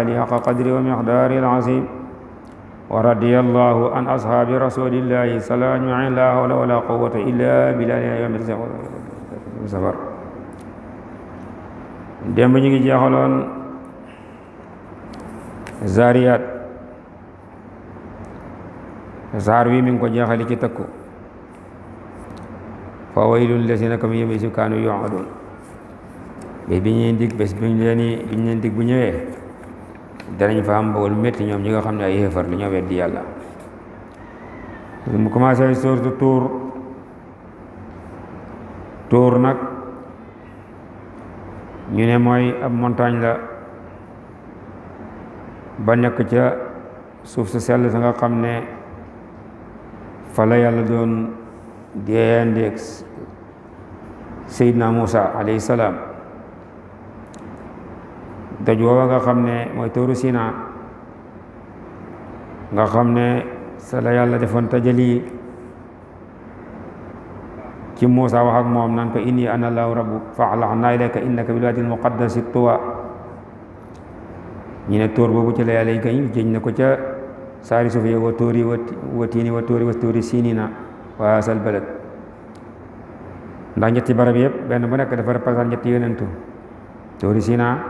ali haqa qadri wa miqdaari al-azim wa radiyallahu an ashaabi rasulillahi sala ajmain la hawla wala quwwata illa billahi yawmil safar démb ñu ngi jeexaloon zaariyaat saar wi mi ngi ko jeexali ci tëkku fa waylul lazina kam yawma kaanu yu'adun bés bi ñuy dig bés bi ñu leen dig bu ñëwee danañ fa am mbugal métti ñoom ñi nga xam ne ay xéefar la ñoo weddi yàlla mu commencé sourate Tuur Tuur nag ñu ne mooy ab montagne la ba nekk ca suuf su sell sa nga xam ne fa la yàlla doon déeyandeeg Seydina Muusa alayhi salaam doj woowa nga xam ne mooy tóoru Sina nga xam ne sa la yàlla defoon tajali ci Muusa wax ak moom naan ko inni ana allahu rabbu fa'laxnaa ilayka innaka bil waadil muqaddasi tuwa ñu ne tóor boobu ci la yàlla ko ca saari suuf yi wa tóori wa tiini wa tóori sinina wa asal balad ndax ñetti barab yëpp benn bu nekk dafa représenté ñetti yonentu tóori sina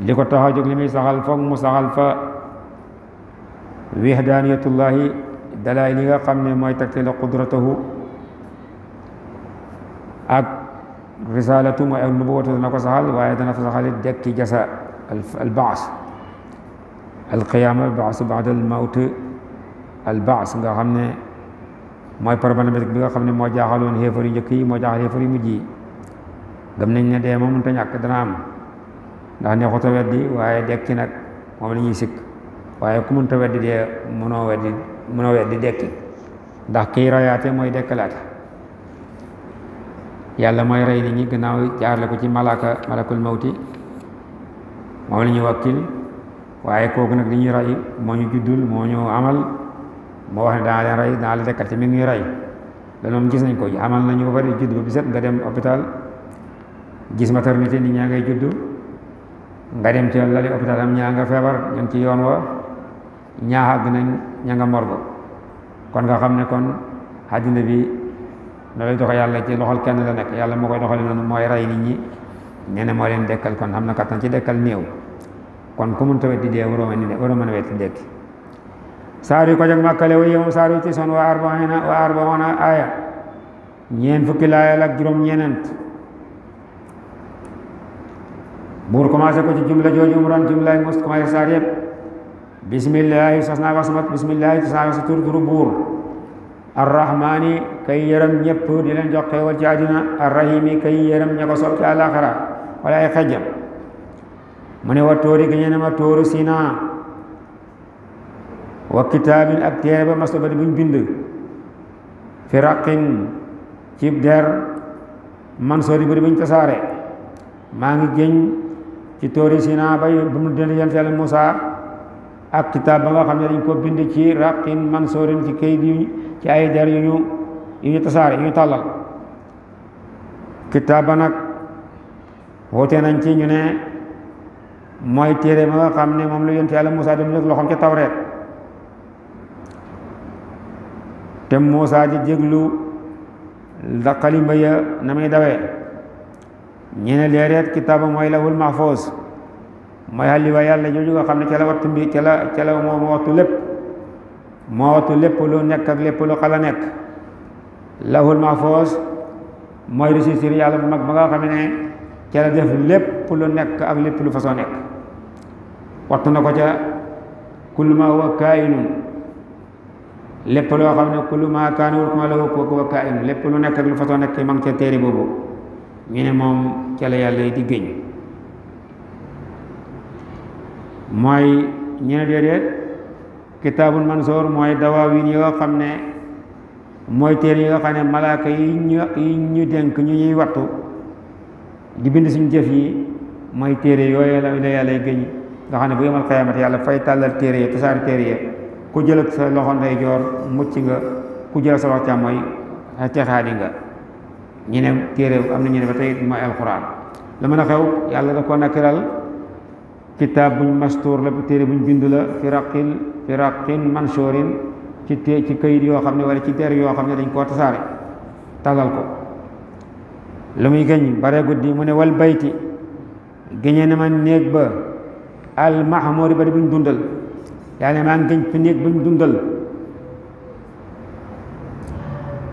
li ko tax a li muy saxal foog mu saxal fa wihdaniyatullahi dalaay li nga xam ne mooy tegtale qudratahu ak risalatu mooy ak nubuwatu dana ko saxal waaye dana fa saxal it dekki jasa albaas alqiyaama baasu baada almawt albaas nga xam ne mooy problématique bi nga xam ne moo jaaxaloon xéefar yu njëkk yi moo jaaxal xéefar yu mujj yi nañ ne dee moom mënta ñàkk dana am ndax neexut a weddi waaye dekki nag moom la ñuy sikk waaye ku mënta weddi de mënoo weddi mënoo weddi dekki ndax kiy rayaate mooy dekkalaate yàlla mooy rey nit ñi gannaaw jaarle ko ci malaaka malakul mawti moom la ñuy wakkil waaye kooku nag li ñuy rey moo ñu juddul moo ñu amal moo wax ne daa leen rey daa la dekkal te mi ngi rey loolu moom gis nañ ko amal nañu ba bari judd ba bi nga dem hôpital gis maternité nit ñaa ngay juddu nga dem ci lali hôpital am ñaa nga feebar ñu ngi ci yoon wa ñaa àgg nañ ña nga morgo kon nga xam ne kon àddina bi na lay doxe yàlla ci loxol kenn la nekk yàlla moko koy doxale noonu mooy rey nit ñi nee na moo kon xam na kattan ci dekkal néew kon ku mun di dee waroo mën waroo mën a wetti dekki saar yu ko jag màkkale wu yi moom saar yu ci son waa arbaona waa arbaona aaya ñeen fukki laayal buur commencé ko ci jumla jooju mu doon jumlay mos commencé bismillahi sas naa wax sama bismillahi sas sa tur turu buur arrahmaani kay yërëm ñëpp di leen ci àddina arrahimi kay yërëm ña ko sopp ci àllaaxira wa tóori gi ma tóoru sinaa wa kitaabin ak téere ba maslubat buñ bind fi raqin cib der bu di buñ tasaare maa ngi géñ ci tóori Sina ba bu mu dindi yonent Yàlla musa ak kitaab ba nga xam ne dañ ko bind ci raqin mansoorin ci kayit yu ci ay der yu ñu yu ñu tasaare yu ñu tàllal kitaab ba nañ ci ñu ne mooy téere ba nga xam ne moom la yonent Yàlla Musaa dem nekk loxoom ca Tawreet te Musaa di jéglu lu xalimba ya na muy dawee ñu ne mooy kitaaba mooy lawul mahfuz mooy xaliwa yàlla jooju nga xam ne ca la wattu mbi ca la ca la moo moo wattu lépp moo wattu lépp lu nekk ak lépp lu xala nekk lawul mahfuz mooy registre yàlla bu mag ba nga xam ne ca la nekk ak lépp lu façon nekk wattu na ko ca kullu ma huwa kaayinun wa kullu lépp lu nekk ak lu façon nekk ma ngi ca téere boobu ñu ne moom ca la yàlla yi di géñ mooy ñu ne déedéet kitaabul mansoor mooy dawaawin yoo xam ne mooy téere yoo xam ne malaaka yi ñu yi ñu dénk ñu ñuy wattu di bind suñu jëf yi mooy téere yooyu la la yàlla yi géñ nga xam ne bu yemal xayaamat yàlla fay tàllal téere ya tasaari téere ya ku jël ak sa loxo ndeyjoor mucc nga ku jël sa loxo càmmooñ texaadi nga ñu téere am na ñu ne ba tey mooy alxuraan lu mën a xew yàlla da ko nakkiral kitaab buñ mastuur la téere buñ bind la fi raqin fi ci té ci kayit yoo xam ne wala ci der yoo xam ne dañ koo tasaare tagal ko lu muy gëñ bare guddi mu ne wal bayti géñee na ma néeg ba al ba di buñ dundal yàlla ne maa ngi gëñ fi néeg buñ dundal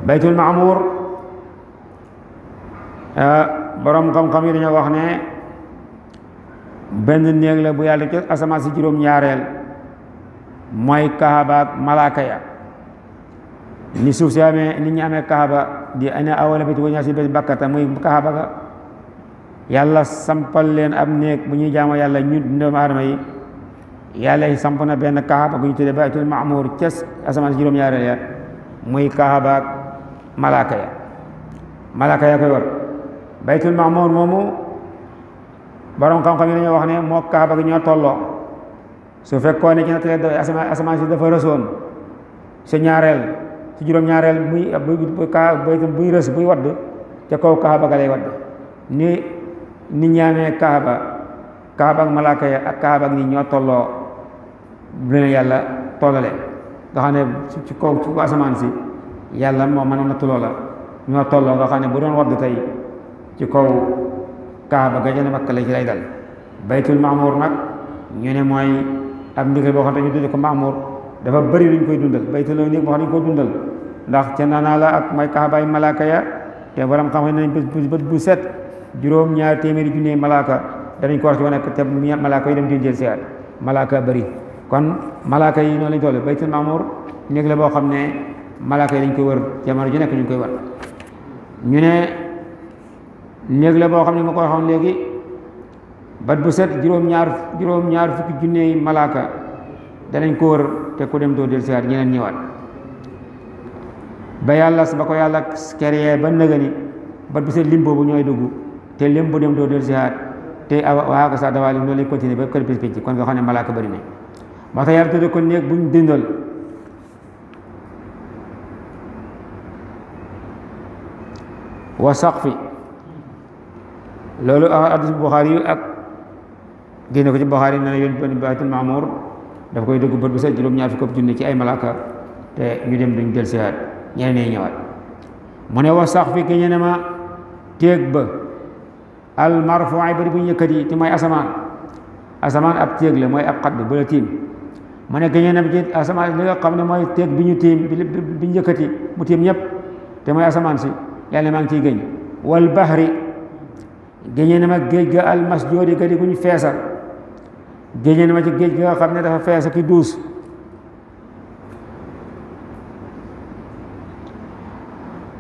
baytul mahmoor Ah, borom xam-xam yi dañoo wax ne benn néeg la bu yàlla ci asamaan si juróom ñaareel mooy kaaba malaaka ya ni suuf si amee nit ñi kaaba di ana awala bati wañaa si bati bakkata muy kaaba yàlla sampal leen ab néeg bu ñuy jaamoo yàlla ñu doomu aadama yi yàlla yi samp na benn kaaba bu ñu tuddee baytul maamuur ca asamaan si juróom ñaareel ya muy kaaba malaaka ya malaaka ya koy war baytul mahmuur moomu borom xam-xam yi dañoo wax ne moo kaaba gi ñoo tolloo su fekkoon ne ci natt asamaan si dafa rësoon su ñaareel su juróom-ñaareel buy buy kaa buy rës buy wadd ca kaw kaaba ga lay wadd ni nit ñaamee kaaba kaaba ak ak kaaba ak nit ñoo tolloo bu leen yàlla tollale nga xam ne ci kaw ci asamaan si yàlla moo mën a nattu la ñoo tolloo nga xam ne bu doon wadd tey ci kaw kaaba ga ca Makka la ci lay dal baytul maamour nag ñu ne mooy ab ndigal boo xam ne ñu ko maamour dafa bëri luñ koy dundal baytul la néeg boo xam ne ñu ko dundal ndax ca naanaa la ak mooy kaabaay malaaka ya te borom xam xam nañ bët bu set juróom ñaar téeméeri junne malaaka danañ ko wax ci wane te malaaka yi dem ci jël si at malaaka bëri kon malaaka yi noonu lañ toll baytul maamour néeg la boo xam ne malaaka yi dañ koy wër jamono ju nekk ñu koy wër ñu ne néeg la boo xam ne ma ko waxoon léegi bat bu set juróom-ñaar juróom-ñaar fukki malaaka danañ ko wër te ku dem doo del siwaat ñeneen ñëwaat ba yàlla ba ko yàlla keree ba nëgëni bat bu set lim boobu ñooy dugg te lim bu dem doo del siwaat te waa ko sax dawaa lim noonu lañ ba kër pis ci kon nga xam ne malaaka bëri na moo tax yàlla tudde ko néeg buñ dindal wa saqfi loolu hadis Buxaari yi ak génne ko ci Buxaari na yoon bani baytul maamour dafa koy dugg bët bu set juróom-ñaar fukk ak ci ay malaaka te ñu dem duñ jël siwaat ñeneen ñi ñëwaat mu ne wa sax fi ki ñene ma téeg ba al marfu'i bari bu ñu yëkkat yi te mooy asamaan asamaan ab téeg la mooy ab xat ba bu la tiim mu ne géñee na ci asamaan li nga xam ne mooy téeg bi ñu tiim bi ñu yëkkati mu tiim ñëpp te mooy asamaan si yàlla maa ngi ciy wal bahri géñee na ma géej ga almasjoori ga di guñ feesal géñee na ma ci géej ga nga xam ne dafa feesa ki duus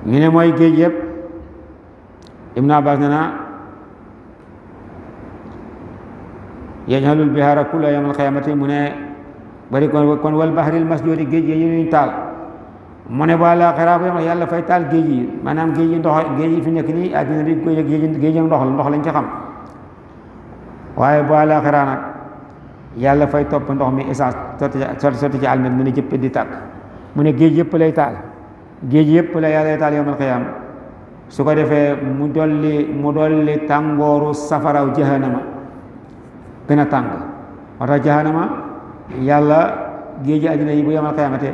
ñu mooy géej yëpp Ibn Abbas ne na yajhalul bihaara kulla yawmal qiyaamati mu ne bari kon kon wal bahril masjoori géej yi ñu taal mu ne ba la xeraa ko yàlla fay taal géej yi maanaam géej yi ndox géej yi fi nekk nii àddina bi géej ak ndox la ndox lañ ci xam waaye ba la xeraa nag yàlla fay topp ndox mi essence sotti sotti ci almet mu ne jëpp di tàkk mu ne géej yëpp lay taal géej yëpp la yàlla taal yawmal qiyaam su ko defee mu dolli mu dolli tàngooru safaraw jahannama gën a tàng moo tax jahannama yàlla géej àddina yi bu yawmal qiyaamate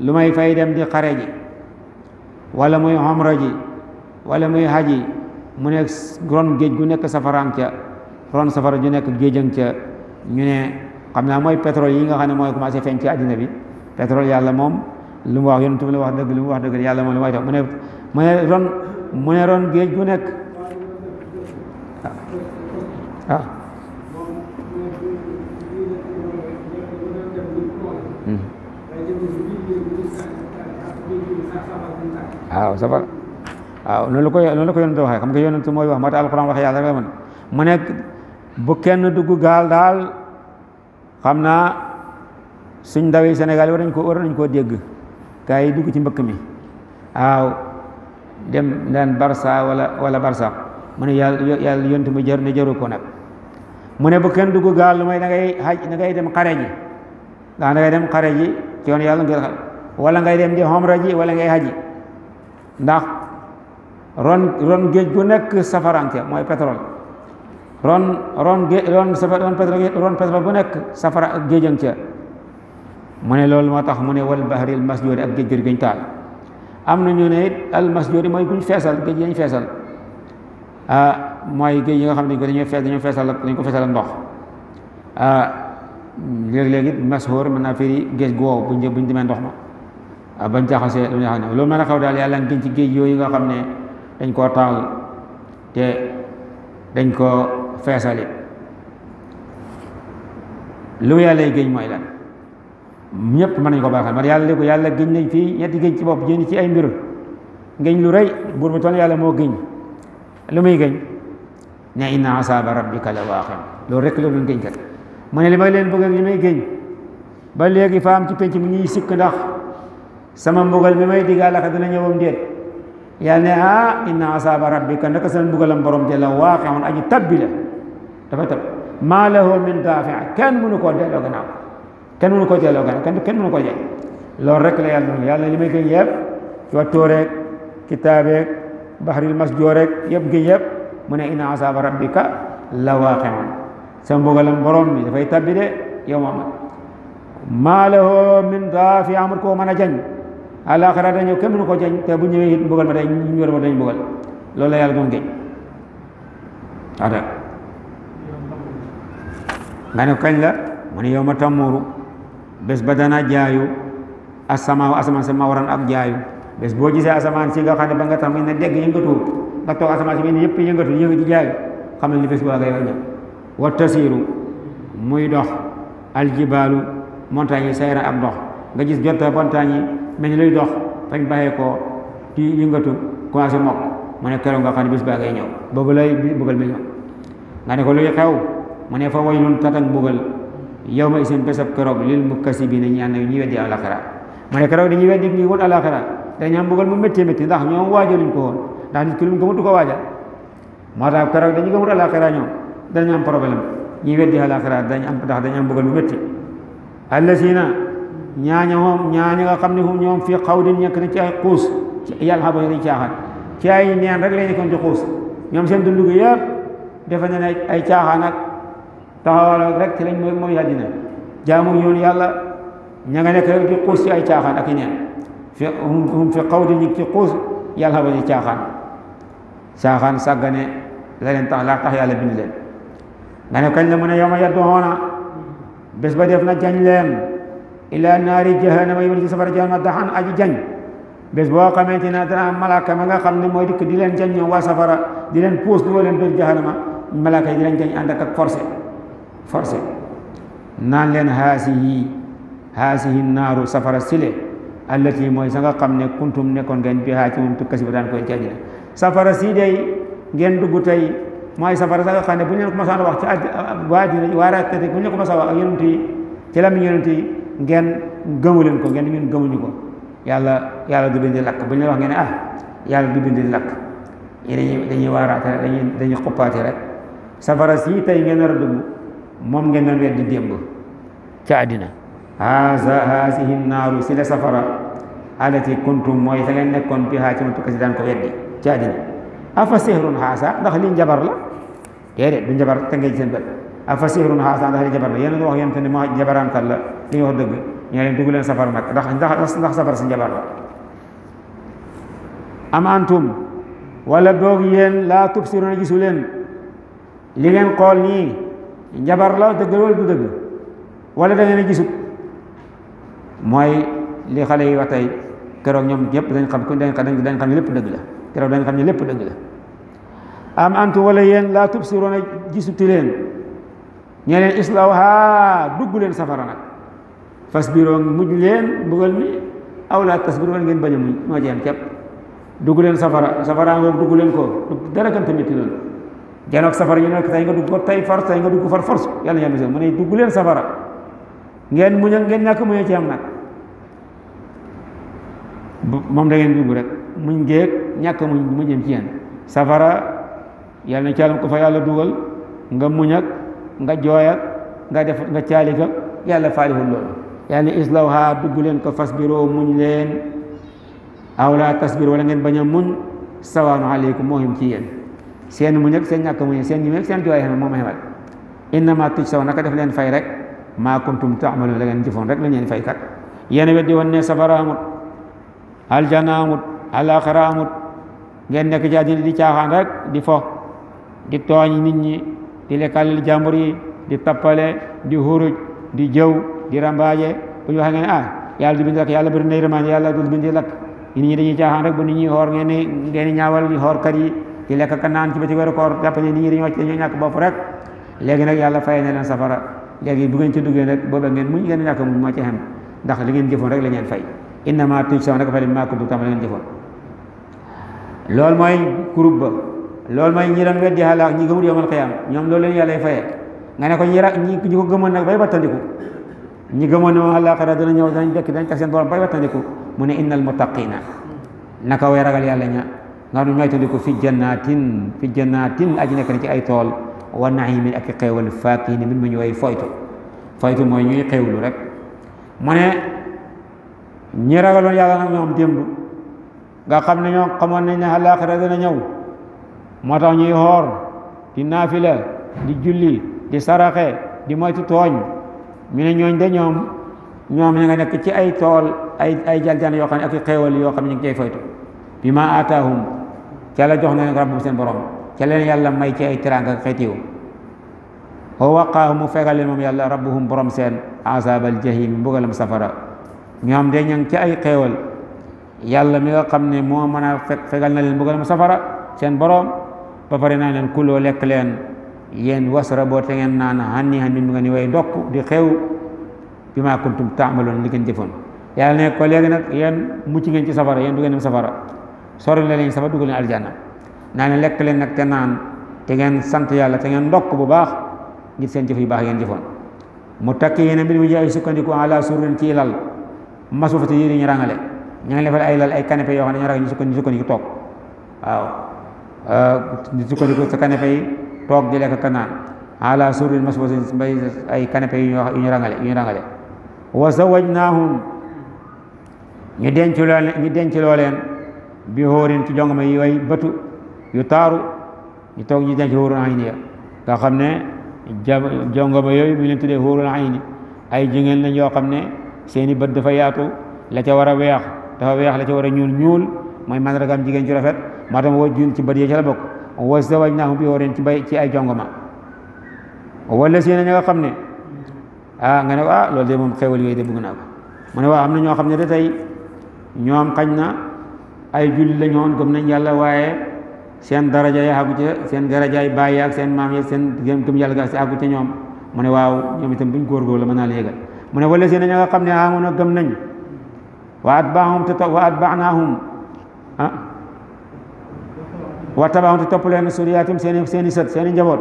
lu may fay dem di xare ji wala muy omra ji wala muy haji mu nekk ron géej gu nekk safaraam ca safara ju nekk géejam ca ñu ne xam naa mooy pétrole yi nga xam ne mooy commencé feeñ ci àddina bi pétrole yàlla moom lu mu wax yonent bi la wax dëgg lu wax dëgg yàlla moom lu may ne mu ne ron mu ne ron géej gu nekk ah. Ah. waaw safara waaw noonu la ko noonu la ko yonent waxee xam nga yonent mooy wax moo tax alxuraan waxee yàlla rek la mën mu nekk bu kenn dugg gaal daal xam naa suñ ndaw yi Sénégal war nañ ko war nañ koo dégg gaa yi dugg ci mbëkk mi waaw dem daan Barça wala wala Barça mu ne yàlla yàlla yonent mu jar ko nag mu ne bu kenn dugg gaal lu may da ngay xaj da ngay dem xare ji da dem xare ji ci yoon yàlla ngir wala ngay dem di xomra ji wala ngay xaji ndax ron ron géej gu nekk safarante mooy pétrole ron ron géej ron safar ron pétrole ron pétrole bu nekk safara ak géejam ca mu ne loolu moo tax mu ne wal bahri al masjuri ak géej guñ taal am na ñu ne it al masjuri mooy guñ feesal géej yañ feesal ah mooy géej yi nga xam ne dañoo fees dañoo feesal dañ ko feesal ak ndox ah léeg-léeg it mashuur mën naa firi géej gu wow buñ buñ demee ndox ma ah bañ jaxasee lu ñu xam a xaw daal yàlla ngi ci géej yooyu nga xam ne dañ koo taal te dañ koo feesali lu yàlla géej mooy lan ñëpp mën nañ ko baaxal ma yàlla ko yàlla géej nañ fi ñetti géej ci bopp génn ci ay mbir géej lu rëy buur bu toll yàlla moo géej lu muy géej ne inna asaaba rabbika la waaqi loolu rek la géej kat mu ne may leen bëgg li may géej ba léegi faam ci penc mi ñuy sikk ndax sama mbugal mi may digaal ak dina ñëwam déet yàlla ne ah inna asaaba rabbika naka seen mbugalam borom de la waaqeun aji tabbi la dafa tab maa lahu min daafi' kenn mënu koo delloo gannaaw kenn mënu koo delloo gannaaw kenn mënu koo jël loolu rek la yàlla noonu yàlla li may gën yëpp ci wattoo rek kitaabeek bahril masjoo rek yëpp gën yëpp mu ne inna asaaba rabbika la waaqeun sa dafay tabbi yow Muhammad maa lahu min daafi' amul koo mën a jañ àllaaxira dañu kenn mënu ko jañ te bu ñëwee it mbugal ma dañ loolu la yàlla moom géej ada kañ la yow ma tàmmooru bés ba dana jaayu asamaaw asamaan sa ma waran ak jaayu boo gisee asamaan si nga xam ne ba nga tax mu ne dégg yëngatuwul nga toog asamaan yëngatu yëngu ci jaayu xam ne li bés baa ngay waññi wa tasiiru muy dox aljibaalu montagne yi sayran ak dox nga gis jotta montagne yi mel ni luy dox fañ bàyyee koo di yëngatu commencé mokk mu ne keroog nga xam ne bis baa ngay ñëw boobu lay bëggal mi ñëw nga ne ko luy xew mu ne fa waylun tatan bëggal yow ma isin bésab keroog lil mukassibiina ñaan na ñuy weddi alaxira mu ne keroog dañuy weddi ñi wut alaxira dañu am bëggal mu métti métti ndax ñoom waajaluñ ko woon ndax nit ki lu mu gëmut du ko waajal moo tax keroog dañu gëmut alaxira ñoom danañu am problème ñuy weddi alaxira dañu am ndax dañu am bëggal mu métti ñaaña moom ñaaña nga xam ne hum ñoom fii xaw di nekk na ci ay xuus yàlla xamoo ci ay neen rek lay nekkoon ci xuus ñoom seen dundu gi yëpp defe na ay caaxaan ak taxawal rek ci lañ mooy mooy àddina jaamu yoon yàlla ña nga nekk rek ci xuus ci ay caaxaan ak hum fi xaw di ñu ci xuus yàlla xamoo ñu caaxaan caaxaan sàggane la leen tax laa tax yàlla bind leen nga ne kañ la mu ne yow ma ba def na jañ ila naari jahannama yóbbu ci safara jahannama daxan aji jañ bés boo xamante ne dana am ma nga xam ne mooy dikk di leen jañ ñoom waa safara di leen puus dugal leen biir jahannama malaaka yi di leen jañ ànd ak ak forcé naan leen haasihi haasihi naaru safara sile allati mooy sa nga xam ne kuntum nekkoon ngeen bi haa ci moom tukkasi ba daan koy jañ safara sii day ngeen dugg tey mooy safara sa nga xam ne bu ñu leen ko mosaan wax ci waa dina bu ñu leen ko mosaan wax ak yonent yi ci lam yonent yi ngeen gëmu leen ko ngeen ñun gëmuñu ko yàlla yàlla du bindi lakk bu ñu la wax ngeen ne ah yàlla du bindi lakk dañuy dañuy waaraate rek dañuy dañuy xuppaati rek safara si tey ngeen nar a dugg moom ngeen doon weddi démb ca àddina haza haasihi naaru si la safara alati kuntum mooy sa ngeen nekkoon bi xaa ci ma tukka si daan ko weddi ca àddina afa sihrun haasa ndax lii njabar la déedéet du njabar te ngay seen bët afa sihrun haasa ndax lii njabar la yéen a ngi wax yéen te ne ma njabaraan kan la li ñu wax dëgg ñee leen dugg leen safar ndax ndax safar si njabar la am antum wala boog yéen gisu leen li ngeen xool nii njabar la dëgg wala dëgg wala da ngeen a gisut mooy li xale yi wax tey keroog ñoom ñëpp dañ xam dañ dañ xam ne lépp dëgg la keroog dañ lépp dëgg la am antu wala yéen laa tubsiruna gisuti leen ñe leen islawha dugg leen safara nag mu muñ leen mbugal mi aw laa tasbiroo wala ngeen bañ a muñ moo ci am képp dugg leen safara safaraa ngoog dugg leen ko dara gën tamit loolu janoog safara ñu nekk nga dugg ko tey far tey nga dugg far force yàlla yàlla musal mu ne dugg leen safara ngeen muñ ngeen ñàkk muñoo ci am nag moom da dugg rek muñ ngeeg ñàkk jëm ci yéen safara yàlla na caalam ko fa yàlla dugal nga muñ ak nga jooy nga def nga caali yàlla faalihul loolu yàlla ni islawha dugg leen ko fasbiroo muñ leen aw laa tasbir wala ngeen bañ a muñ sawaanu aleykum moo yem ci yéen seen muñ ak seen ñàkk muñ seen ñi ak seen jooy xemal moom xemal innama tuj saw def leen fay rek maa kuntum taamalu la ngeen jëfoon rek la ngeen fay kat yéen weddi woon ne safara amut aljana amut alaxara amut ngeen nekk ci di caaxaan rek di fo di tooñ nit ñi di lekkal jàmbur yi di tappale di xuruj di jëw di rambaaje bu ñu waxee ngeen ah yàlla du bind lakk yàlla bëri na yërmande yàlla du bind lakk nit ñi dañuy caaxaan rek bu nit ñi xoor ngeen ni ngeen ka ba ci weeru koor jàpp ne rek léegi nag yàlla fay na safara léegi bu ngeen ci duggee nag booba ngeen muñ ngeen ñàkk muñ moo ci xem rek la ngeen fay innama tujzawn nag fa li maa kuntum ta'maluun la ngeen ñi gëmoon ne moom àllaaxira dana ñëw danañ dekk danañ tax seen borom bay wattandiku mu ne innal muttaqina naka way ragal yàlla ña nga xam ne ñooy tandiku fi jannatin fi jannatin aji nekk ci ay tool wa naimin ak i xéewal faakihin min mu ñu way foytu foytu mooy ñuy xéewlu rek mu ne ñi ragaloon yàlla nag ñoom démb nga xam ne ñoo xamoon nañ ne àllaaxira dana ñëw moo tax ñuy xoor di naafila di julli di saraxe di moytu tooñ ñu ne ñooñ de ñoom ñoom ñu nga nekk ci ay tool ay ay jaljan yoo xam ne ak xéewal yoo xam ne ñu ngi cay faytu bi aataahum ca la jox na leen rabbum seen borom ca leen yàlla may ci ay teraanga ak xeetiw mu fegal leen moom yàlla rabbuhum borom seen azaabal jahim mbugalam safara ñoom de ña ngi ci ay xéewal yàlla mi nga xam ne moo mën a fegal na leen mbugalam safara seen borom ba pare naa leen kuloo lekk leen yéen wasara boo te ngeen naan xànni xànni mu ngeen di way ndokk di xew bi maa kuntum taamaloon li ngeen jëfoon yàlla ne ko léegi nag yéen mucc ngeen ci safara yéen du ngeen dem safara sori la leen safara dugal leen naa lekk leen nag naan te ngeen sant yàlla te ngeen ndokk bu baax ngir seen jëf yu baax ngeen jëfoon mu takk yéen mbir mu ji ay sukkandiku ala sururin ci lal masufati yi ñu rangale ñu ngi defal ay lal ay canapé yoo xam ne ñu ragal ñu sukkandiku toog waaw ñu sukkandiku sa canapé yi toog di lekk kanaan ala surin masfuusin mbay ay canapé yu ñu rangale yu ñu rangale wa zawajnaahum ñu denc loo ñu denc loo leen bi hóorin ci jongama yi way bëtu yu taaru ñu toog ñu denc hóorul ayni ya nga xam ne jongama yooyu mu leen tuddee hóorul ayni ay jigéen lañ yoo xam ne seeni bët dafa yaatu la ca war a weex dafa weex la ca war ñuul ñuul mooy mandargaam jigéen ci rafet maa tam woo jun ci bët yi ca bokk wa zawajnaahum bi hoorin ci bay ci ay jongoma wala si na ña nga xam ne ah nga ne ah loolu de moom xewal yooyu de bëgg naa ko mu ne waaw am na ñoo xam ne de tey ñoom xañ na ay julli la ñoon gëm nañ yàlla waaye seen daraja ya àggu ca seen darajaay bàyyi ak seen maam ya seen gëm yàlla ga si àggu ca ñoom mu ne waaw ñoom itam buñ góorgóor la mën naa la yégal mu ne wala si na ña a gëm nañ wa atbaahum te wa tabaxum te topp leen suriyaatum seeni seeni sët seeni njaboot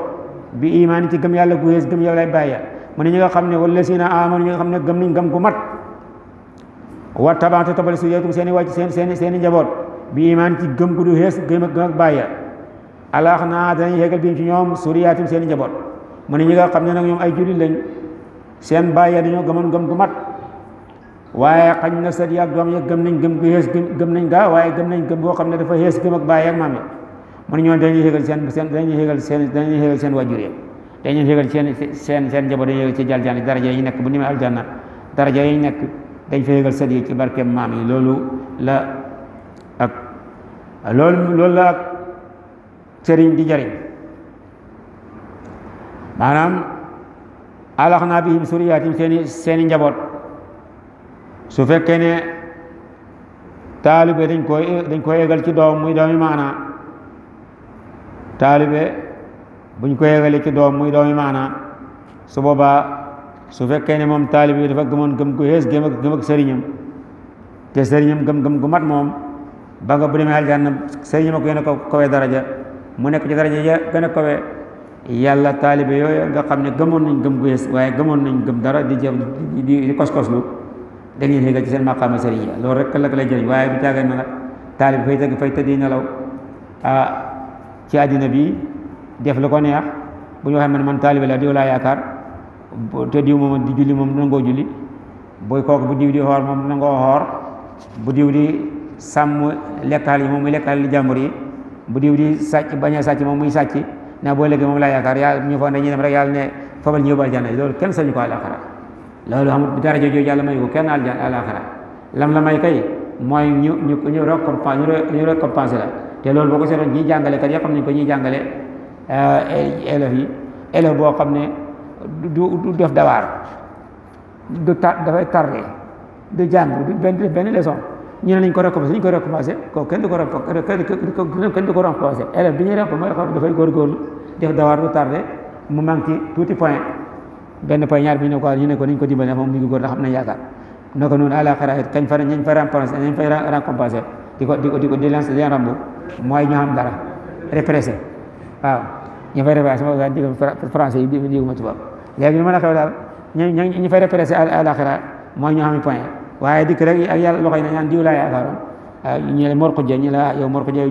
bi imaan ci gëm yàlla gu yees gëm yàlla bàyya mu ne ñi nga xam ne wala sina amanu ñi nga xam nañ gëm gu mat wa tabaxum te topp leen suriyaatum seeni wàcc seen seeni seeni njaboot bi imaan ci gëm gu du yees gëm ak gëm ak bàyya alaax naa danañ xeegal bi ci seeni njaboot mu ne ñi nga xam ne nag ñoom ay jullit lañ seen bàyya dañoo gëmoon gëm gu mat waaye xañ na sët yaag doom ya gëm nañ gëm gu yees gëm nañ gaa waaye gëm nañ gëm boo xam ne dafa yees gëm ak bàyya ak maam yi mu ne ñoom dañuy xéegal seen seen dañuy xéegal seen dañuy xéegal seen waajur yi dañuy xéegal seen seen seen njaboot dañuy xéegal ci aljanna daraja yi nekk bu ñu nee aljanna daraja yi nekk dañ fa xéegal sët yi ci barkeem maam yi loolu la ak loolu loolu la ak sëriñ di jariñ maanaam alax naa bihim suriyaatim seeni seeni njaboot su fekkee ne taalibe dañ koy dañ koy égal ci doom muy doomi maanaa taalibe buñ ko yegalee ci doom muy doomi maanaa su boobaa su fekkee ne moom taalibe bi dafa gëmoon gëm gu xees gëm ak gëm ak te sëriñam gëm-gëm gu mat moom ba nga bu demee aljanna sëriñam ak gën a ko kawe daraja mu nekk ci daraja ya gën a kawe yàlla taalibe yooyu nga xam ne gëmoon nañ gëm gu waaye gëmoon nañ gëm dara di jëf di kos-koslu dañuy xéegal ci seen maqaama sëriñ ya loolu rek la lay jëriñ waaye bu caagee na la taalib fay tëgg fay nelaw ah ci àddina bi def la ko neex bu ñu waxee man man taalibe la diw laa yaakaar te diw moom di julli moom nangoo julli buy kooku bu diw di xoor moom nangoo xoor bu diw di sàmm lekkaal yi moom muy lekkaal li jàmbur yi bu diw di sàcc bañ a sàcc moom muy sàcc naa boo léegi moom laa yaakaar yaa ñu fa ñu dem rek yàlla ne fabal ñu yóbbu aljana loolu kenn sañu ko àlaxara loolu amul dara jooju yàlla may ko kenn àlaxara lam la may kay mooy ñu ñu ñu récompense la te loolu boo ko seetoon ñiy jàngalekat yi xam nañ ko ñuy jàngale euh, élèves yi élève boo xam ne du def dawaar du ta dafay tardé du jàng du benn benn leçon ñu ko recommencé ñu ko recommencé ko kenn du ko kenn du ko bi ñuy recommencé mooy xam dafay góorgóorlu def dawaar du tardé mu manqué tuuti point benn point ñaar bi ñu ne ko ñu ne ko nañ ko dimbale moom mi ngi góor na xam nañ yaakaar naka noonu àlaxira kañ fa ñañ fa récompensé nañ fay récompensé di ko di ko di ko di lancé di rambu mooy ñu xam dara répressé waaw ñu fay répressé sama digg français yi diggu ma tubaab léegi ñu a xew daal ñu ñu fay répressé àlaxira mooy ñu xam point waaye dikk rek ak na ñaan diw laa yaakaaroon ñu la mor ko jë ñu la yow mor ko jë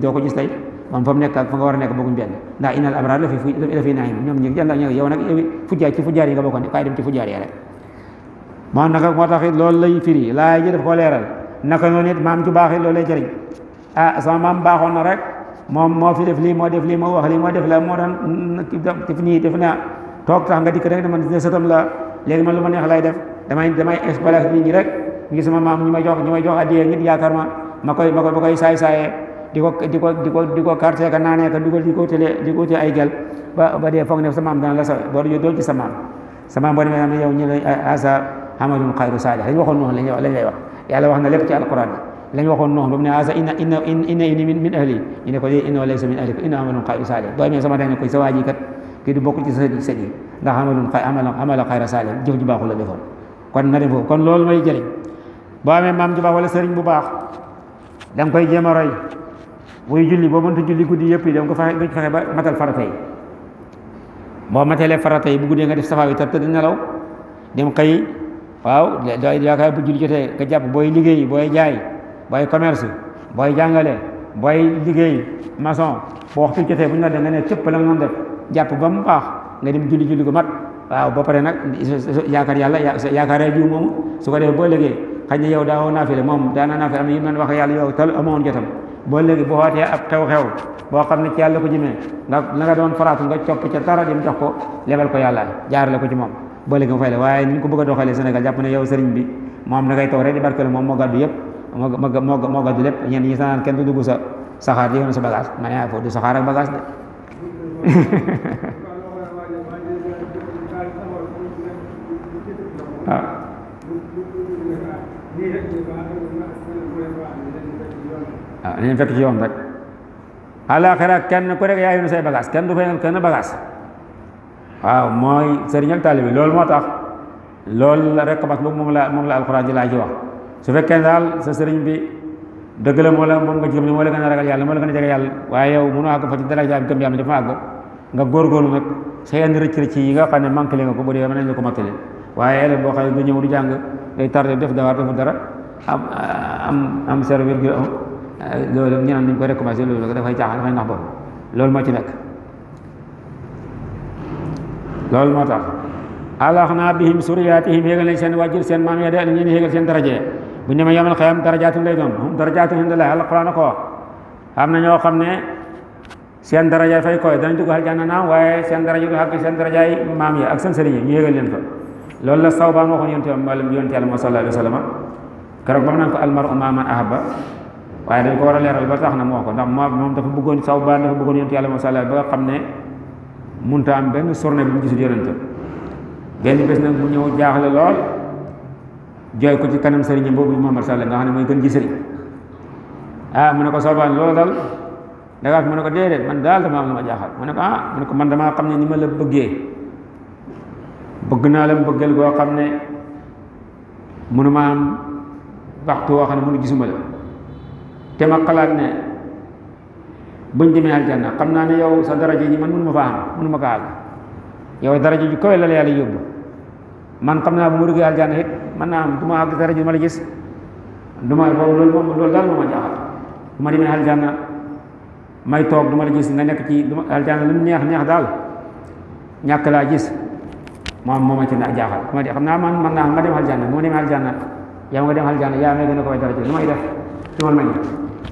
doo ko gis tey moom fa mu nekk ak fa nga war a nekk abrar la fi la fi naayim ñoom ñu yàlla yow nag fujjaar yi nga bokkoon kaay dem ci fujjaar yi rek moo nag moo tax loolu firi laa ji daf koo leeral naka noonu it maam ju baax it ah sama maam baaxoon na rek moom moo fi def lii moo def lii moo wax lii moo def la moo doon def nii def naa toog tax nga dikk rek dama ne sëtam la léegi man lu ma neex lay def damay damay exploité nit ñi rek ngi sama maam ñu may jox ñu jox addiyee nit yaakaar koy ma koy ma koy saay-saayee di ko di ko di ko ko carte ka naanee ka dugal di ko tëlee di ko tëlee ay gel ba ba dee foog ne sa maam dana la sa boo dee dool ci sa maam sa maam boo demee yow ñu ne asa hamadun xayru saalih dañu waxoon noonu lañ lay wax yàlla wax na lépp alquran lañ waxoon noonu ba mu ne asa inna inna inna ibni min ahli ñu ne ko dee innahu laysa min ahli inna amalun xayru saalih boo amee ne ko sa kat kii du bokk ci sa sët yi ndax amalun xay amala xayra kon na dem foofu kon loolu mooy jëriñ boo amee maam ju baax wala sëriñ bu baax da nga koy jéem a roy buy julli boo mënta julli guddi yëpp yi da ko fexe fexe ba matal farata yi boo matalee farata yi bu guddee nga def safaa wi tëdd nelaw dem xëy waaw yaakaar bu julli jotee nga jàpp booy liggéey booy jaay booy commerce booy jàngale booy liggéey maçon boo waxtu jotee bu ñu la def nga ne cëpp la nga doon def jàpp ba mu baax nga dem julli julli gu mat waaw ba ko defee boo liggéey xëy na yow daawoo naafile moom daanaa naafile am na yim doon wax yàlla yow tal amoon jotam boo léegi boo xootee boo xam ne ci yàlla ko copp ca dara dem ko ko yàlla jaarale ko ci moom boo léegi mu fay la waaye ni ñu ko bëgg a doxalee Sénégal jàpp ne yow bi moom da ngay rek di barkeel moom moo gàddu yëpp moo moo moo moo gàddu lépp ñenn ñi sanaan kenn sa saxaar di yoon sa bagage ma ne ah, foofu du saxaar ak bagage de waaw ah. waaw ah, nañ fekk ci yoon rek àllaaxira kenn ku rek yaa yoon say bagage kenn du fay kenn bagage waaw mooy sëriñ ak taalibe loolu moo tax loolu rek parce que moom la moom ji laa su fekkee ne daal sa sëriñ bi dëgg la moo la moom nga jëm ne moo la gën a ragal yàlla moo la gën a jege yàlla waaye yow mënoo àgg fa ci dara jaam gëm yàlla dafa àgg nga góorgóorlu nag sa yenn rëcc rëcc yi nga xam ne manqué nga ko bu dee mën nañ la ko mottali waaye élève boo xam ne du ñëw du jàng day tardé def dawaar defu dara am am am zéro virgule un loolu ñu naan dañ koy recommencé loolu dafay caaxaan dafay nax boobu loolu moo ci nekk loolu moo tax alax naa bihim suriyaatihim yéegal nañ seen wàjjur seen maam ya de ñu yéegal seen daraje bu ñu demee yawmal qiyaam darajaatin lay doon hum darajaatun indallaahi alquran a ko wax am na ñoo xam ne seen daraja fay ko danañ dugg aljanna naam waaye seen daraja du xàgg seen darajaay maam yi ak seen sëriñ yi ñu leen fa loolu la Sawbaan waxoon yonent Yàlla sallallaahu alayhi wa sallam keroog ba mu naan ko almaru maa man ahabba dañ ko war a leeral ba tax na mu ko ndax moom dafa bëggoon Sawbaan dafa bëggoon yonent Yàlla sallallaahu alayhi wa sallam ba nga xam ne am benn sorne bi mu gisul yonent benn ñëw jaaxle lool jooy ko ci kanam sëriñam boobu Mouhamed Sall nga xam ne mooy gën ji sëriñ ah mu ne ko soobaan loolu dal da ngaa fi mu ne ko déedéet man daal dama am lu ma jaaxal mu ne ko ah mu ne man damaa xam ne ni ma la bëggee bëgg naa mu bëggal goo xam ne mënu ma am waxtu woo xam ne mënu gisuma la te ma xalaat ne buñ demee aljanna xam naa ne yow sa daraja ji man mënu ma faa am mënu ma ko àgg daraja ji kawe la la yàlla man xam naa bu ma duggee mën naa am du ma àgg dara ñu ma la gis du ma loolu moom loolu daal moo ma jaaxal du ma demee aljanna may toog du ma la gis nga nekk ci du ma aljanna lu mu neex neex daal ñàkk laa gis moom moo ma ci jaaxal ma de xam naa man mën naa ma dem aljanna bu ma demee aljanna yaa ma dem aljanna yaa may gën a ko way dara lu may def ci man mañ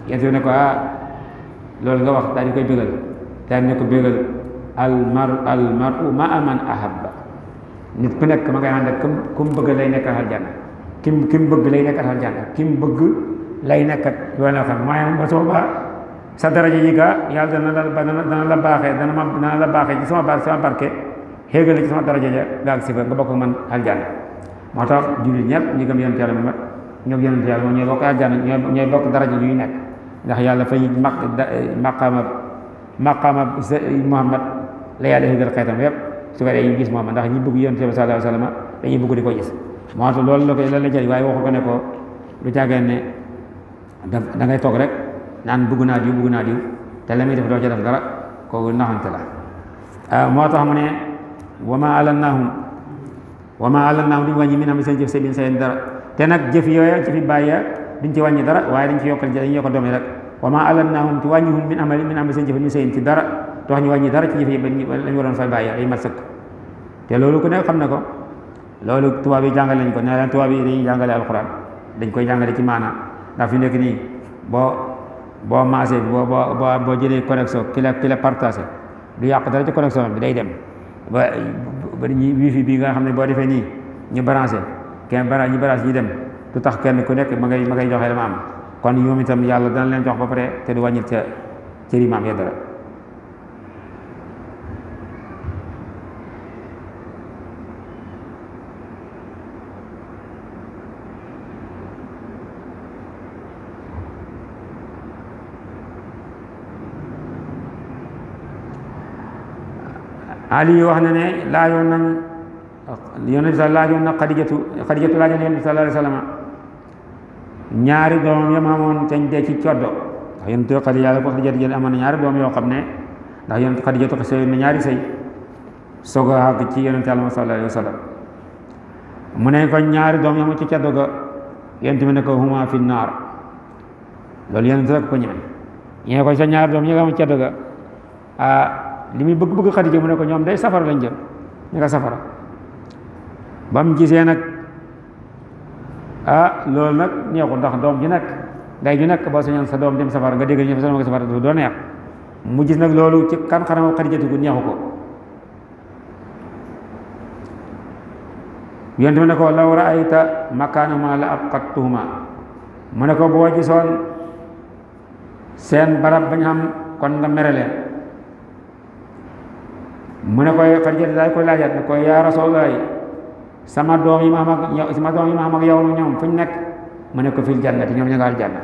yéen ne ko ah loolu nga wax daal di koy bégal daal di ne ko bégal al mar al maru ma aman ahab nit ku nekk ma ngay ànd bëgg lay nekk aljanna kim kim bëgg lay nekk aljanna kim bëgg lay nekk yoon la xam waaye ba sa daraja yi ga yàlla dana la dana la baaxee dana ma dana baaxee ci sama barke sama barke xéegale ci sama daraja ja nga ak si fa nga bokk man aljanna moo tax jullit ñëpp ñi gëm yonent yàlla moom ñoom yonent yàlla moom ñooy bokk aljanna ñooy bokk daraja yu ñu nekk ndax yàlla fay maq maqaama maqaama Muhammad la yàlla xéegal xeetam yëpp su ko defee ñu gis moom ndax ñi bëgg yonent bi sallallahu alayhi wa sallam dañuy ko gis moo tax loolu la ko lan waaye waxu ko ne ko lu caageen ne da dangay toog rek naan bëgg naa diw bugg naa diw te la muy def doo ca def dara kooku naxante la euh, moo tax mu ne wa ma alannahum wa ma naa duñu wàññi min am seen jëf seen seen dara te nag jëf yooya jëfi bàyyi duñ ci wàññi dara waaye dañ ci yokkal dañ yokkal doom yi rek wa ma alannahum ci wàññihum min amali min am seen dara tax ñu wàññi dara ci jëf yi ba lañu waroon fay bàyyi ay mat sëkk te loolu ku ne xam na ko loolu tubaab yi jàngale nañ ko nee leen tubaab yi dañuy ko alxuraan dañ koy jàngale ci maana ndax fi nekk nii boo boo maasee boo boo boo jëlee connexion ki la ki la du yàq dara ci connexion bi day dem ba ba ñi wifi bii nga xam ne boo defee nii ñu branché kenn bara ñu branché ñu dem du tax kenn ku nekk ma ngay ma ngay joxe la ma am kon ñoom itam yàlla dana leen jox ba pare te du wàññil ca cëri maam ya dara ali wax na ne laajoon nañ yonent bi sa laajoon na xadijatu xadijatu laajoon yonent bi sallallahu alayhi wa sallam ñaari doom yam amoon teñ dee ci coddo ndax yonent xadijatu ko xadijatu jël amoon na ñaari doom yoo xam ne ndax yonent xadijatu ko sëy na ñaari sëy soog a àgg ci yonent yàlla sallallahu alayhi wa sallam mu ne ko ñaari doom yamoon ci coddo ga yonent bi ne ko huma fi naar loolu yonent rek ko ñaan ñee ko sa ñaari doom yi nga amoon ci coddo ga ah li muy bëgg bëgg Xadija mu ne ko ñoom day safara lañ jëm ñu nga safara ba mu gisee nag ah loolu nag neexul ndax doom ji nag day ju nag boo sañoon sa doom dem safara nga dégg ñu sa doom nga safara du doo neex mu jis nag loolu ci kan xanam Xadija tugu neexu ko yonent mu ne ko law raayta makaanuma la abqattuhuma mu ne ko boo gisoon seen barab bañ am kon nga mere mu ne koy xadijatu daal koy laajaat ne koy yaa sama doom yi ma am ak yow ñoom fu ñu nekk mu ne ko fil jannati ñoom ñu nga aljanna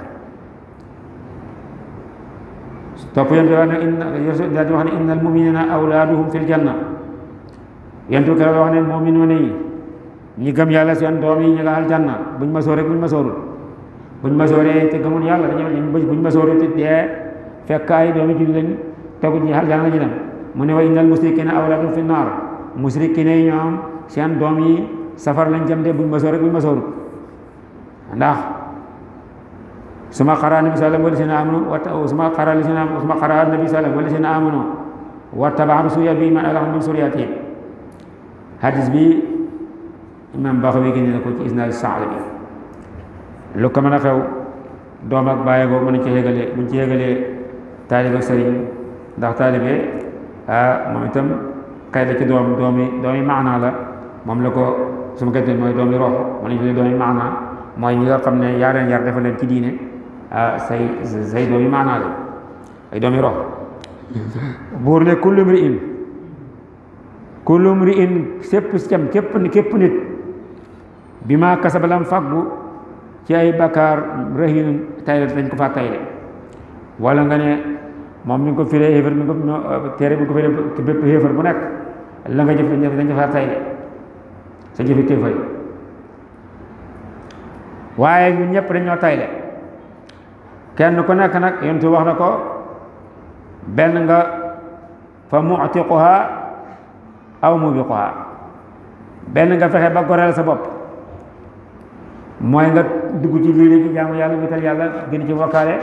topp yéen daal ne inna daal di wax ne inna al muminina awlaaduhum fil janna yéen tuuti daal wax ne muminoon yi ñi gëm yàlla seen doom yi ñu nga aljanna buñ masoore sóoree buñ ma sóorul buñ ma sóoree te gëmul yàlla dañu buñ ma sóorul te dee fekk ay doomi jullit lañ toog ñu aljanna la mu ne wa innal musrikina awlaadun fi naar musrikina yi ñoom seen doom yi safar lañ jëm de buñ masoor ak buñ ndax suma xaraa nabi sallam wala wa suma xaraa li seen suma xaraa nabi sallam wala seen amanu wa tabaa rasuya bi man alahum min suriyatihim hadis bi imam Baxawi génne na ko ci isnaad saxla bi lu ko mën a xew doom ak bàyyi ko mën a ci yëgalee ndax taalibe Ah, moom itam kay la ci doom doomi mana la moom la ko suma gerte mooy doomi rox moom lañ tuddee doomi maanaa mooy ñi nga xam ne yaa leen yar defal leen ci diine ah, say say doomi maanaa la ay doomi rox buur ne kullu mri'in kullu mri'in sépp cam képp képp nit bi maa kasabalam fàggu ci ay bakkaar rahinun tay dañ ko faa tayle wala nga ne moom mi ngi ko firee xéefar mi ko euh, téere bépp xéefar bu nekk la nga jëf dañ dafa tay sa jëfi kéefar waaye ñun ñëpp dañoo tayle kenn ku nekk nag yontu wax na ko benn nga fa mu'tiquha aw mubiquha benn nga fexe ba goreel sa bopp mooy nga dugg ci lii léegi jaamu yàlla wital yàlla gën ci wakkaale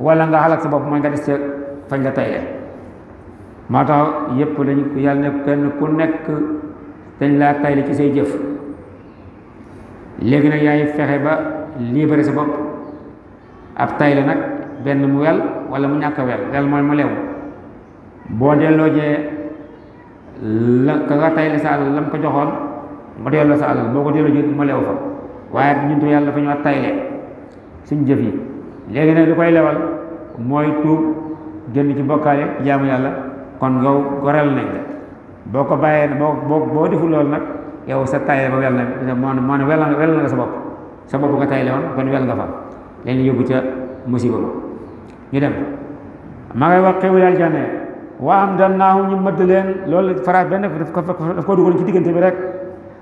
wala nga xalaat sa bopp mooy nga des ca fañ la tayee maa tax yépp dañ yàlla ne kenn ku nekk dañ laa tayli ci say jëf léegi nag yaay fexe ba libéré sa bopp ab tay nag benn mu wel wala mu ñàkk wel wel mooy mu lew boo delloo jee la ka nga tayle sa alal la mu ko joxoon mu delloo sa alal boo ko delloo jee mu lew fa waaye ñun tu yàlla fa ñu at tayle suñ jëf yi léegi nag lu koy lewal mooy tuub génn ci bokkaale jaamu yàlla kon ngaw goreel nañ boo ko bàyyee boo boo deful loolu nag yow sa taye ba wel na moo moo ne wel nga sa bopp sa bopp nga tayle woon kon wel nga fa leen yóbbu ca musiba ba dem ma ngay wax xewu yàlla janne waa am dam naahu ñu mëdd leen loolu faraat benn daf ko daf ko dugal ci diggante bi rek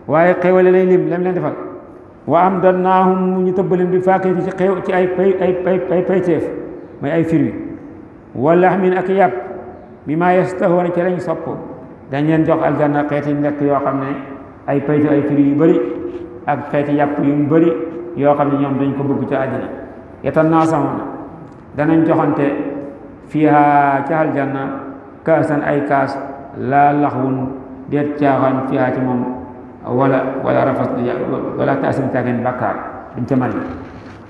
waaye xewale lay lim lam leen defal waa am dam naahu ñu tëbbaleen bi faakee ci xew ci ay ay ay pay payteef mooy ay fir wi wala min ak yàpp bi maa yastahoona ci lañ sopp dañ leen jox aljanna xeeti lekk yoo xam ne ay paytu ay fir yu bëri ak xeeti yàpp yu bari yoo xam ne ñoom dañ ko bëgg ca àddina yatanaasamoona danañ joxante fiiha ca aljanna kaasan ay kaas la laxwun deet caaxaan fiiha ci moom wala wala rafas wala taasim tàggeen bàkkaar dañ ca mari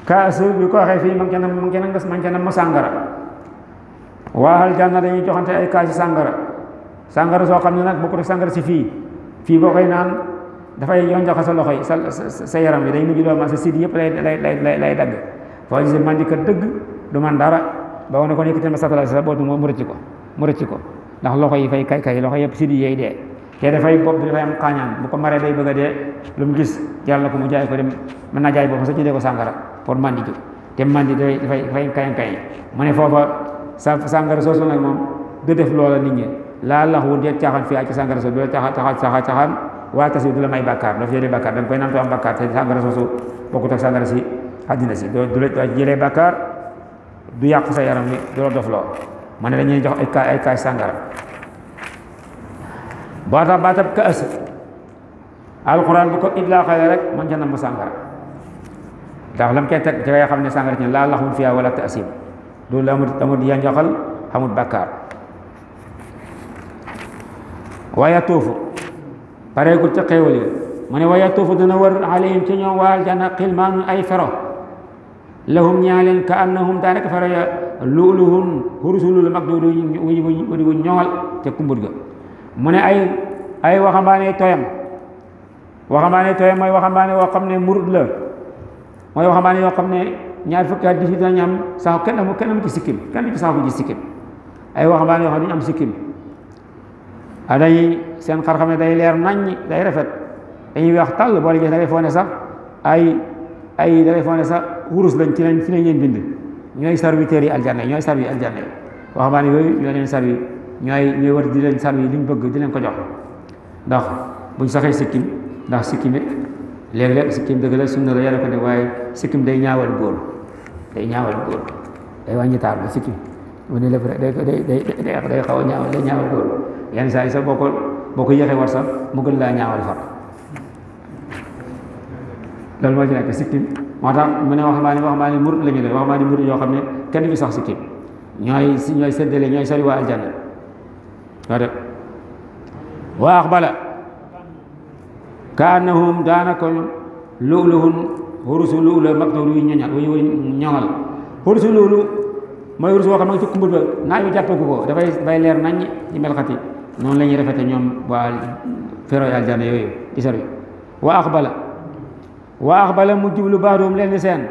kaasu bi ko waxee fii man ca na man ca na ngas man ca na ma sàngara waaxal janna dañuy joxante ay kaasi sàngara sàngara soo xam ne nag bokku def sàngara si fii fii boo koy naan dafay yonjaxal sa loxo yi sa sa yaram bi day mujj loolu man sa sid yëpp lay lay lay dagg foo gis man di ko dëgg du man dara ba wane ko yëkkati ma satala sa bootu mu rëcc ko mu rëcc ko ndax loxo yi fay kay kay loxo yëpp sid yi yey dee te dafay bopp bi dafay am xaañaan bu ko maree day bëgg dee lu mu gis jaral na ko mu jaay ko dem mën naa jaay boppam sa ci ko sàngara pour manditu te manditu dafay dafay kayan kayan mu ne foofa sa sàngara soosu nag moom du def loola nit ñi laa laxwu dee caaxaan fii ak ci sàngara soosu du la caaxaan caaxaan caaxaan waa tas du la may bàkkaar da nga koy naan too am bàkkaar te sàngara soosu bokkut si àddina si doo du la jëlee sa yaram wi du la dof loo mu ne dañuy jox ay kaay ay kaay sàngara boo tax baatab kaas alxuraan bu ko idlaaxale rek man ca nam sàngara ndax lam cay teg ci ngay xam ne sàngara ci laa laxum fiyaa wala taasim loolu amut amut yanjoxal xamut bàkkaar waaye tuufu pareegul ca xéewal yi mu ne waaye tuufu dana wër alayhim ci ñoom waa aljana xilmaanun ay fero lahum ñaa leen ka annahum fero ya luuluhun luulu mag doodu wu ñoŋal ca kumbut ga mu ne ay ay waxambaane tooyam waxambaane tooyam mooy waxambaane woo xam ne murut la mooy waxambaane yoo xam ne ñaar fukki at dix-huit dinañ am saako kenn amul kenn amul ci sikkim kenn du ci saako ji sikkim ay waxambaane yoo xam ne duñu am sikkim a dañuy seen xar ne day leer naññ day rafet dañuy weex tàll boo liggéey da ngay foog sax ay ay da sax wurus lañ ci lañ ci lañ leen bind ñooy serviteurs yi aljanna ñooy servi aljanna waxambaane yooyu ñoo leen servi ñooy ñooy war di leen servi li ñu bëgg di ko jox ndax buñ saxee sikkim ndax sikkim it léeg-léeg sikkim dëgg la sunna la yàlla ko ne waaye sikkim day ñaawal góor day ñaawal góor day wàññi taar bi sikkim mu ne lépp rek day day day xaw a ñaawal day ñaawal góor yenn saa yi sax boo ko boo ko yéexee war sax mu gën laa ñaawal far loolu moo ci nekk sikkim moo tax mu ne wax maa ne wax maa ne murit la ñu ne wax xam ne kenn du sax sikkim ñooy si ñooy séddale ñooy sori waa aljanna bala kaanahum daanaka lu'lu'un hurusu lu'lu maktul wu ñoñal wu ñoŋal hurusu lu'lu mooy hurus woo xam ne ci kumbur ba naaj bi jàppagu ko dafay bay leer nañ ci melxati noonu la ñuy rafete ñoom waa feroy aljanna yooyu isar yi wa axbala wa axbala mu jublu baadoom leen seen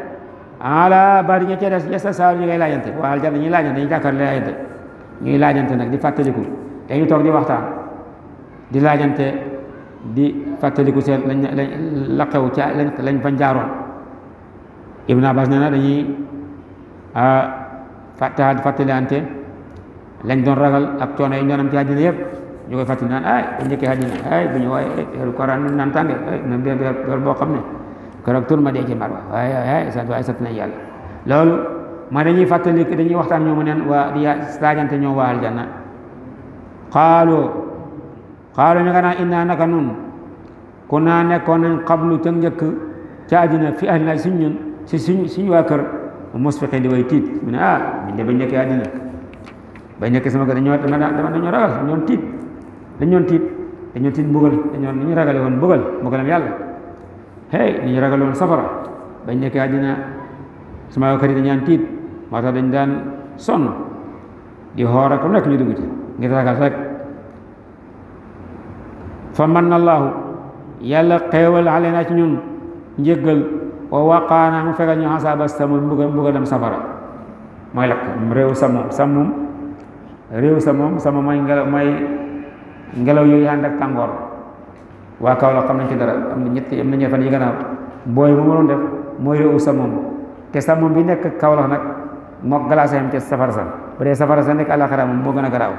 ala bari ña ca des yasa saaru ñu ngay laajante waa aljanna ñuy laajante ñu jàkkaar laajante ñuy laajante nag di fàttaliku dañu toog di waxtaan di laajante di fàttaliku seen lañ lañ la xew ca lañ lañ fa njaaroon Ibn Abbas nee na dañuy fàttali fàttaliante lañ doon ragal ak coono yi ñu doon am ci àddina yëpp ñu koy fàttali naan ay bu njëkkee àddina ay bu ñu waaye weeru Koraan naan tànge na biir biir boo xam ne keroog tur ma dee ci mar waaye waaye sant waaye loolu ma dañuy fàttali dañuy waxtaan ñoom neen waa di laajante ñoom aljanna xaaloo xaalu ñu nga naan naka nun ku naa nekkoon nañ xablu ca njëkk ca àddina fi ahlina suñ ñun si suñ suñ waa kër musfiqin di way tiit mu ne ah ñu de bañ nekkee àddina bañ nekkee sama kër dañoo dama dañoo ragal dañoon tiit dañoon tiit dañoon tiit mbugal woon mbugal mbugalam yàlla hey ni ñu ragale safara bañ nekkee àddina sama waa kër yi dañaan ma moo tax dañ daan sonn di xoor ak nekk ñu dugg ci ngir ragal rek fa man allahu yàlla xeewal aleyna ci ñun njëggal wa waqaana mu fegal ñu xasaaba samum mbugal mbugalam safara mooy lakk réew samum samum réew samum samum mooy ngelaw mooy ngelaw yooyu ànd ak tàngoor waa kaw xam nañ ci dara am na ñetti am na ñetti yi gannaaw mbooy mu mënoon def mooy réew samum te samum bi nekk kaw la nag moo glace yam ca safara sa bu safara sa nekk àllaxira moom moo gën a garaaw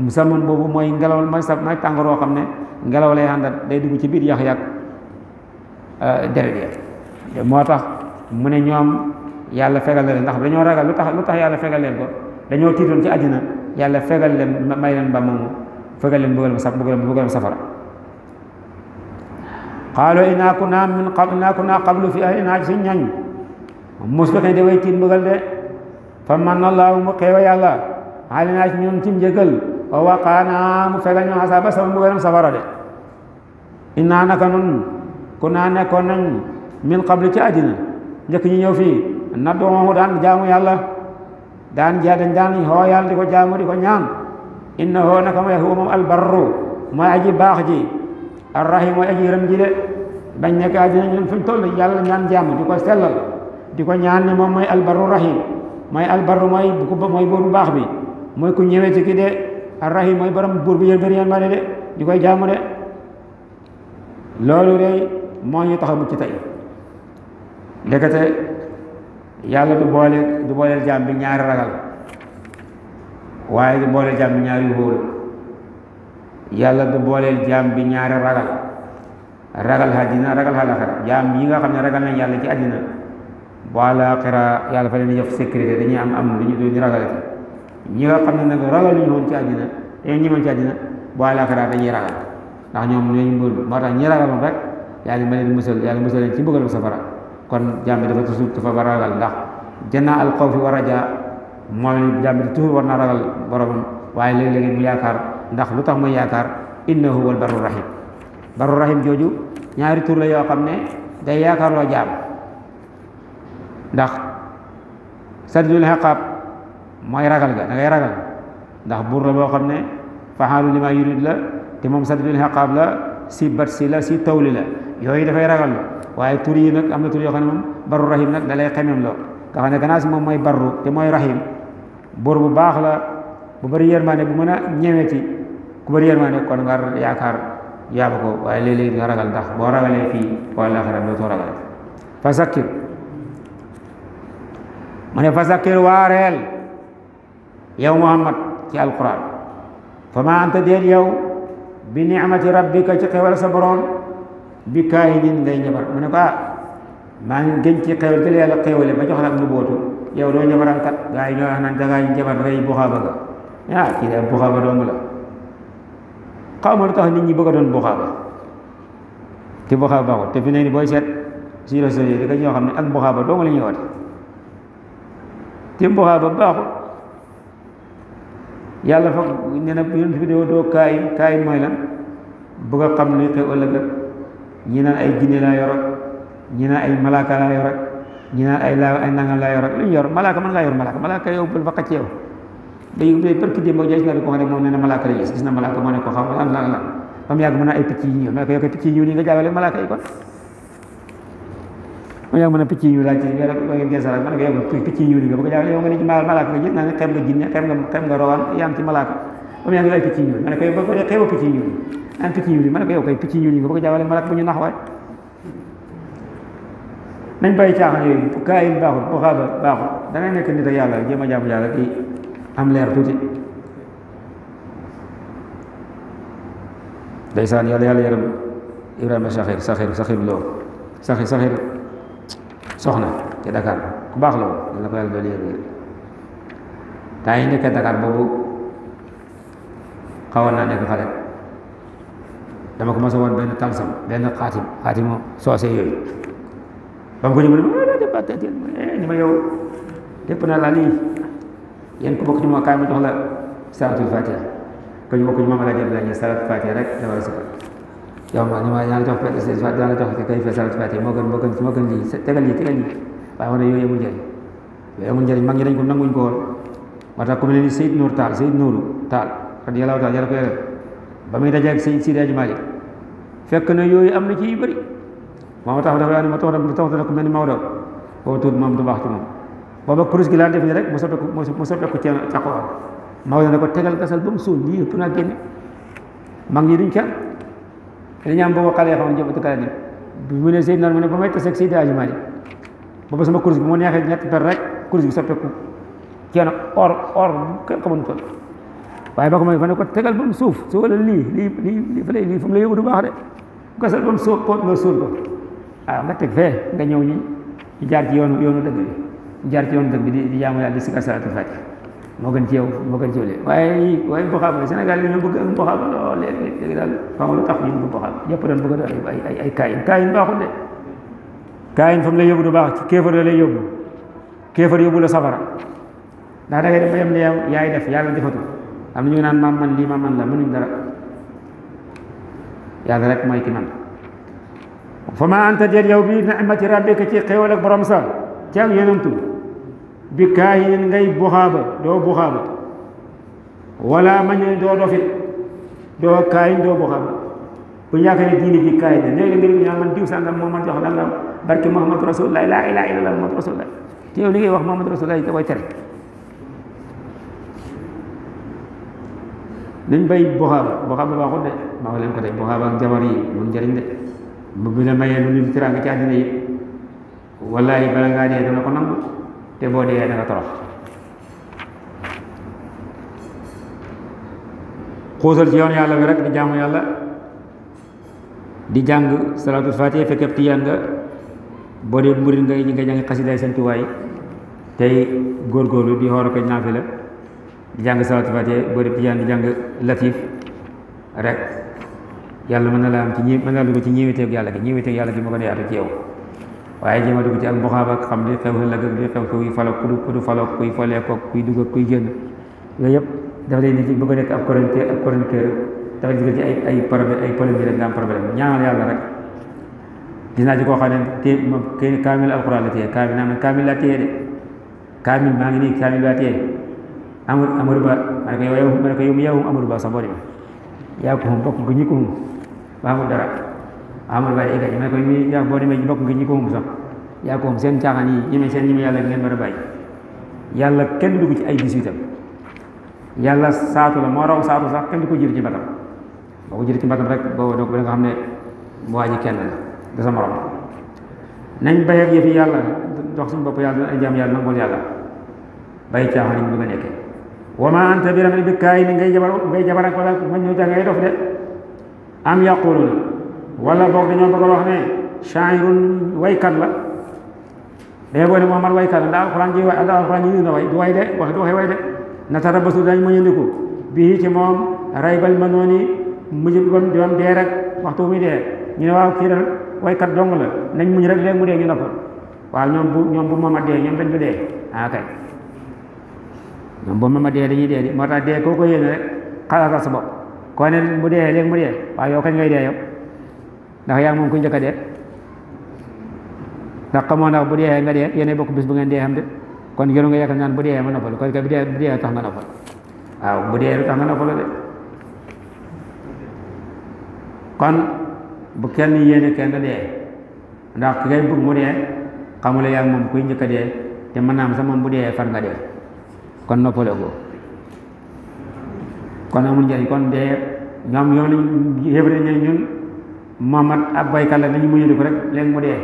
musalman boobu mooy ngelaw mooy sa mooy tàngoor woo xam ne ngelaw lay àndal day dugg ci biir yax-yàq euh, moo tax mu ne ñoom yàlla fegal leen ndax dañoo ragal lu tax lu yàlla fegal leen ko dañoo tiitoon ci àddina yàlla fegal leen may leen ba moomu fegal leen bëggal sa bëggal safara xaaloo inaa ku naa min qab inaa ku naa fi ahlinaa ci suñ ñañ mos ko ne daway tiit bëggal de fa man mu xeewa yàlla xaalinaa ci ñoom ci njëgal wa waqaanaa mu fegal ñu xasaaba sama mbugalam safara de innaa naka nun ku naa nekkoon nañ min qabli ci àddina njëkk ñu ñëw fii na doomu daan jaamu yàlla daan jaa dañ daan xoo yàlla di ko jaamu di ko ñaan inna hoo naka mooy xuu moom albarru mooy aji baax ji arrahim mooy aji yërëm ji de bañ nekk àddina ñun fuñ toll yàlla ñaan jaamu di ko sellal di ko ñaan ne moom mooy albarru rahim mooy albarru mooy mooy buur baax bi mooy ku ñëwee ci ki de arrahim mooy borom buur bi yéen bëri yéen de di koy jaamu de loolu de moo ñu tax a mucc tey ndekete yàlla du boole du bi ñaari ragal waaye du booleel jaam bi ñaari wóolu yàlla du booleel jaam bi ñaari ragal ragal àddina ragal àllaaxira jaam yi nga xam ne ragal nañ yàlla ci àddina bu àllaaxira yàlla fa leen di jox sécurité dañuy am am lu ñu doon ragal ñi nga xam ne nag ragaluñu woon ci àddina dañoo ñemoon ci àddina bu àllaaxira dañuy ragal ndax ñoom ñooñu mbël moo tax ñi ragaloon rek yàlla ma mu musal yàlla musal leen ci bëggal safara kon jaam bi dafa toujours dafa war a ragal ndax jannaa al xawfi wa rajaa mooy jaam bi toujours war naa ragal boromam waaye léeg-léeg mu yaakaar ndax lu tax muy yaakaar innahu wal barru rahim barru rahim jooju ñaari tur la yoo xam ne day yaakaar loo jaam ndax sadidul xaqaab mooy ragal ga da ngay ragal ndax buur la boo xam ne faxaalu li ma yurid la te moom sadidul xaqaab la si bat si la si tawli la yooyu dafay ragal la waaye tur yi nag am na tur yoo xam ne moom barru rahim na da lay xemem loo nga xam ne gannaaw si moom mooy barru te mooy rahim buur bu baax la bu bëri yërmaande bu mën a ñeweti ku bëri yërmaande kon nga yaakaar yaaba ko waaye léeg-léeg nga ragal ndax boo ragalee fii wala xaram dootoo ragal fa sakkir mu ne fa sakkir yow muhammad ci alquran fa ma anta déet yow bi ni'mati rabbika ci xewal sa borom bi kaahinin ngay njabar mu ne ko ah maa gen gën ci xewal jël yàlla xewale ba jox la ak nu bootu yow doo njabarankat gaa yi ñoo wax naan dangaa njabar rey buxaaba ga ah kii de buxaaba dong la xaw ma lu tax nit ñi bëgg a doon buxaaba te buxaaba baaxul te fi ne ni booy seet si réseau yi da ñoo xam ne ak buxaaba dong la ñuy woote te buxaaba baaxul yàlla fa nee na yonent bi doo doo kaay kaay mooy lan bëgg a xam luy xew ëllëg ak ñi ay jinne laa yor ak ñi ay malaaka laa yor ak ñi naan ay laa ay nangam laa yor ak lu ñu yor malaaka man ngaa yor malaaka malaaka yow bul fa xacc yow day day barki na ko xam ne moom nee na malaaka la gis gis na malaaka moo ne ko xam lan lan lan ba mu yàgg mën a ay picc yi ñëw malaaka yow ko picc yi ñëw nii nga jaawale malaaka yi kon mu ne mën a picc ñu laaj ci yow rek ba ngeen geesal ak ma ne ko yow picc ñu nga bëgg a jàll yow nga ne ci malaaka nga jël naa ne xeeb nga jinne xeeb nga xeeb nga rawaan yaa am ci malaaka ba mu yaa ngi lay picc ñu ma ne ko yow ba xeeba picc ñu am picc ñu ma ne ko yow kay picc ñu nga bëgg a jàll malaaka bu ñu nax waay nañ bàyyi caaxaan yooyu bu kaa yi baaxul bu xaaba baaxul da ngay nekk nit ak yàlla jéem a jaamu yàlla di am leer tuuti ndeysaan yàlla yàlla yaram Ibrahima Saxir Saxir Saxir Lo Saxir Saxir soxna ci Dakar ku baax la woon la ko yàlla doon yëg temps yi nekkee Dakar boobu xawoon naa nekk xale dama ko mos a woon benn talsam benn xaatim xaatimu soose yooyu ba ah, eh, ni ma yow lépp naa laa yen yéen ku bokk ci ma kaay ma jox la salaatul fatiha ko ñu bokk ñu ma ma la jël la ñu rek dawal sifat yow ma ni ma yaa ngi jox fete si yaa ngi jox kay fete salatu fete moo gën moo gën moo gën lii tegal lii tegal lii waaye wane yooyu amul njëriñ yooyu amul njëriñ mag ñi dañ ko nanguñ ko woon moo tax ku mel ni Seyd Nour Taal Seyd Nour Taal radiyallahu taala yàlla ko yore ba muy dajeeg Seyd Sidi Hadji Malick fekk na yooyu am na ci yu bëri moom tax dafa yaa ni ma tax na tax na ku mel ni Maodo boobu tuut moom du baax ci moom booba kurus gi laan def ni rek mu soppeeku mu soppeeku ceen caqo am Maodo ne ko tegal gasal ba mu suul lii ëpp naa génne mag ñi duñ kenn dañu am booba xale yoo xam ne jëmatu kala bi mu ne Seydina mu ne ba may taseeg Seydi Aji Malik booba sama kurus bi mu neexee ñetti per rek kurus bi soppeeku kenn or or kenn xamuñu ko waaye ba ko may fa ne ko tegal ba mu suuf su wala lii lii lii fële lii fa ba mu suuf ko nga suul ko waaw nga teg fee nga ñëw ñi jaar ci yoonu yoonu dëgg jaar ci yoonu dëgg bi di jaamu yàlla di sikar salaatul faatiha moo gën ci yow moo gën ci yow waaye waaye mboxaaba Sénégal yi ñu bëgg am mboxaaba lool léegi léegi daal xam lu ay ay ay kaayin kaayin baaxul de kaayin lay yóbbu baax ci kéefar la lay yóbbu kéefar yóbbu la safara ndax da ngay def ba yem ne yow yaay def yàlla defatu am na ñu naan maam man lii maam man la mënuñ dara yàlla mooy ki man fa ma anta déet yow bi ni'mati rabbika ci xéewal ak borom sa ci ak bi kaahinin ngay buxaaba doo buxaaba wala maññe doo dofit doo kaayin doo buxaaba bu ñu yaakaar ne diine ji kaayin la léegi mbir mi man diw sàngam moo man jox nangam barke Muhammad Rasulullah laa ilaaha illallah Muhammad Rasulullah te yow li ngay wax Muhammad Rasulullah da koy tere nañ bay buxaaba buxaaba baaxul de maa leen ko de buxaaba ak jabar yi mun njëriñ de bëgg na mayee lu ñu wallahi bala ngaa dee dana ko nangu te boo dee da nga torox xuusal ci yoon yàlla bi rek di jaamu yàlla di jàng salaatul faatiha fekkeb tiyaan nga boo dee murit nga ñi nga jàng xasidaay seen tuwaay tey góorgóorlu di xoor ko naafila di jàng salaatul faatiha boo dee tiyaan di jàng latif rek yàlla mën na la am ci ñi mën na la ko ci ñëweteeg yàlla gi ñëweteeg yàlla gi mu gën a yaatu ci yow waa jéem a dugg ci ak mboxaab ak xam li xew ëllëg ak li xew kuy falok ku kudu falok kuy yëpp dafa lay nit ci bëgg nekk ab chroniqueur ab chroniqueur dafa digal ci ay ay problème ay problème koo xam ne moom kenn kaamil alxuraan la téye kaamil naa ne kaamil laa maa ngi nii kaamil laa téye amul amul ba ma ne ko yow ma ne ba sax boo demee yaa ko moom bokk ba amul dara amul bari kay mais koy mi yaa boo demee bokk nga ko moom sax yaa ko seen caaxaan yi ñeme seen ñeme yàlla a bàyyi yàlla kenn dugg ci ay bis itam yàlla saatu la moo raw saatu sax kenn du ko jël ci mbatam boo ko ci mbatam rek boobu nga xam ne waa ji kenn la da sa nañ ba ak yëfi yàlla dox suñu bopp yàlla ay jaam yàlla nangul yàlla bàyyi caaxaan yi ñu bëgg a nekkee wa ma anta bi ramayn bi kaay ni ngay ma ñëw jàng ngay dof de am yaquluna wala boog dañoo bëgg a wax ne shaa'irun waykat la day boo ne Muhammad waykat la ndax alxuraan ji way ndax alxuraan na way du way de wax du waxee way de natarabbasu dañ muñandiku bii ci moom raybal ma nooni mujj bam doon dee rek waxtu muy dee ñu ne waaw kii dal waykat dong la nañ muñ rek léegi mu dee ñu noppal waaw ñoom bu ñoom bu Muhammad dee ñoom dañ du ah, bu Muhammad dee dañuy dee moo tax dee kañ ngay ndax yaa moom ku njëkk a dee ndax xamoo ndax bu dee nga de yéen bokk bis bu ngeen dee xam de kon yéen nga yaakaar naan bu dee ma noppalu kon bu dee bu dee tax nga waaw bu dee tax nga noppalu de bu kenn yéene kenn dee ndax ki ngay bëgg mu dee xamula yaa moom kuy jëkka de te mën naa am sax moom bu dee far nga dee kon noppalu ko kon amul njëriñ kon dee ñoom yoonu yëpp ñun. Muhammad ab baykat la dañu mujj di ko rek léegi mu dee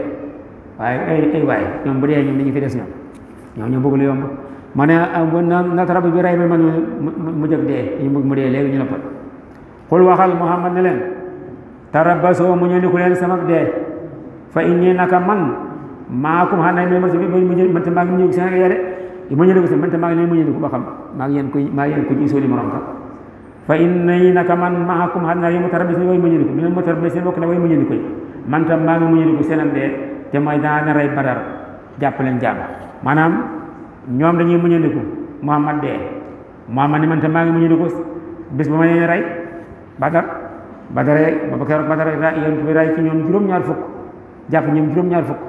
waaye ay ay waay ñoom bu dee ñoom dañu fi des ñoom ñoom ñoo bëgg lu yomb ma ne ah, na natarab bi ray bi mag mu jëg dee ñu bëgg mu dee léegi ñu noppal xul waxal Muhammad ne leen tarabasoo mu ñëw ku leen sama dee man ne ma si bi man te maa ngi ñëw de mu ñëw ko si man te mu ñëw ko ba xam maa ngi yéen ko maa ngi yéen ko ci sóoli morom ka fa innani naka man maakum xam naa yéen mutarabbisin way muñandiku minal mutarabbisin bokk na way muñandiku yi man tam maa ngi muñandiku seenam dee te mooy danaa na jàpp leen jàmm maanaam ñoom dañuy muñandiku Muhammad dee Muhammad ni man tam maa ngi muñandiku bis ba ma leen rey badar badare ba keroog badar yonent bi rey ci ñoom juróom-ñaar fukk jàpp ñoom juróom-ñaar fukk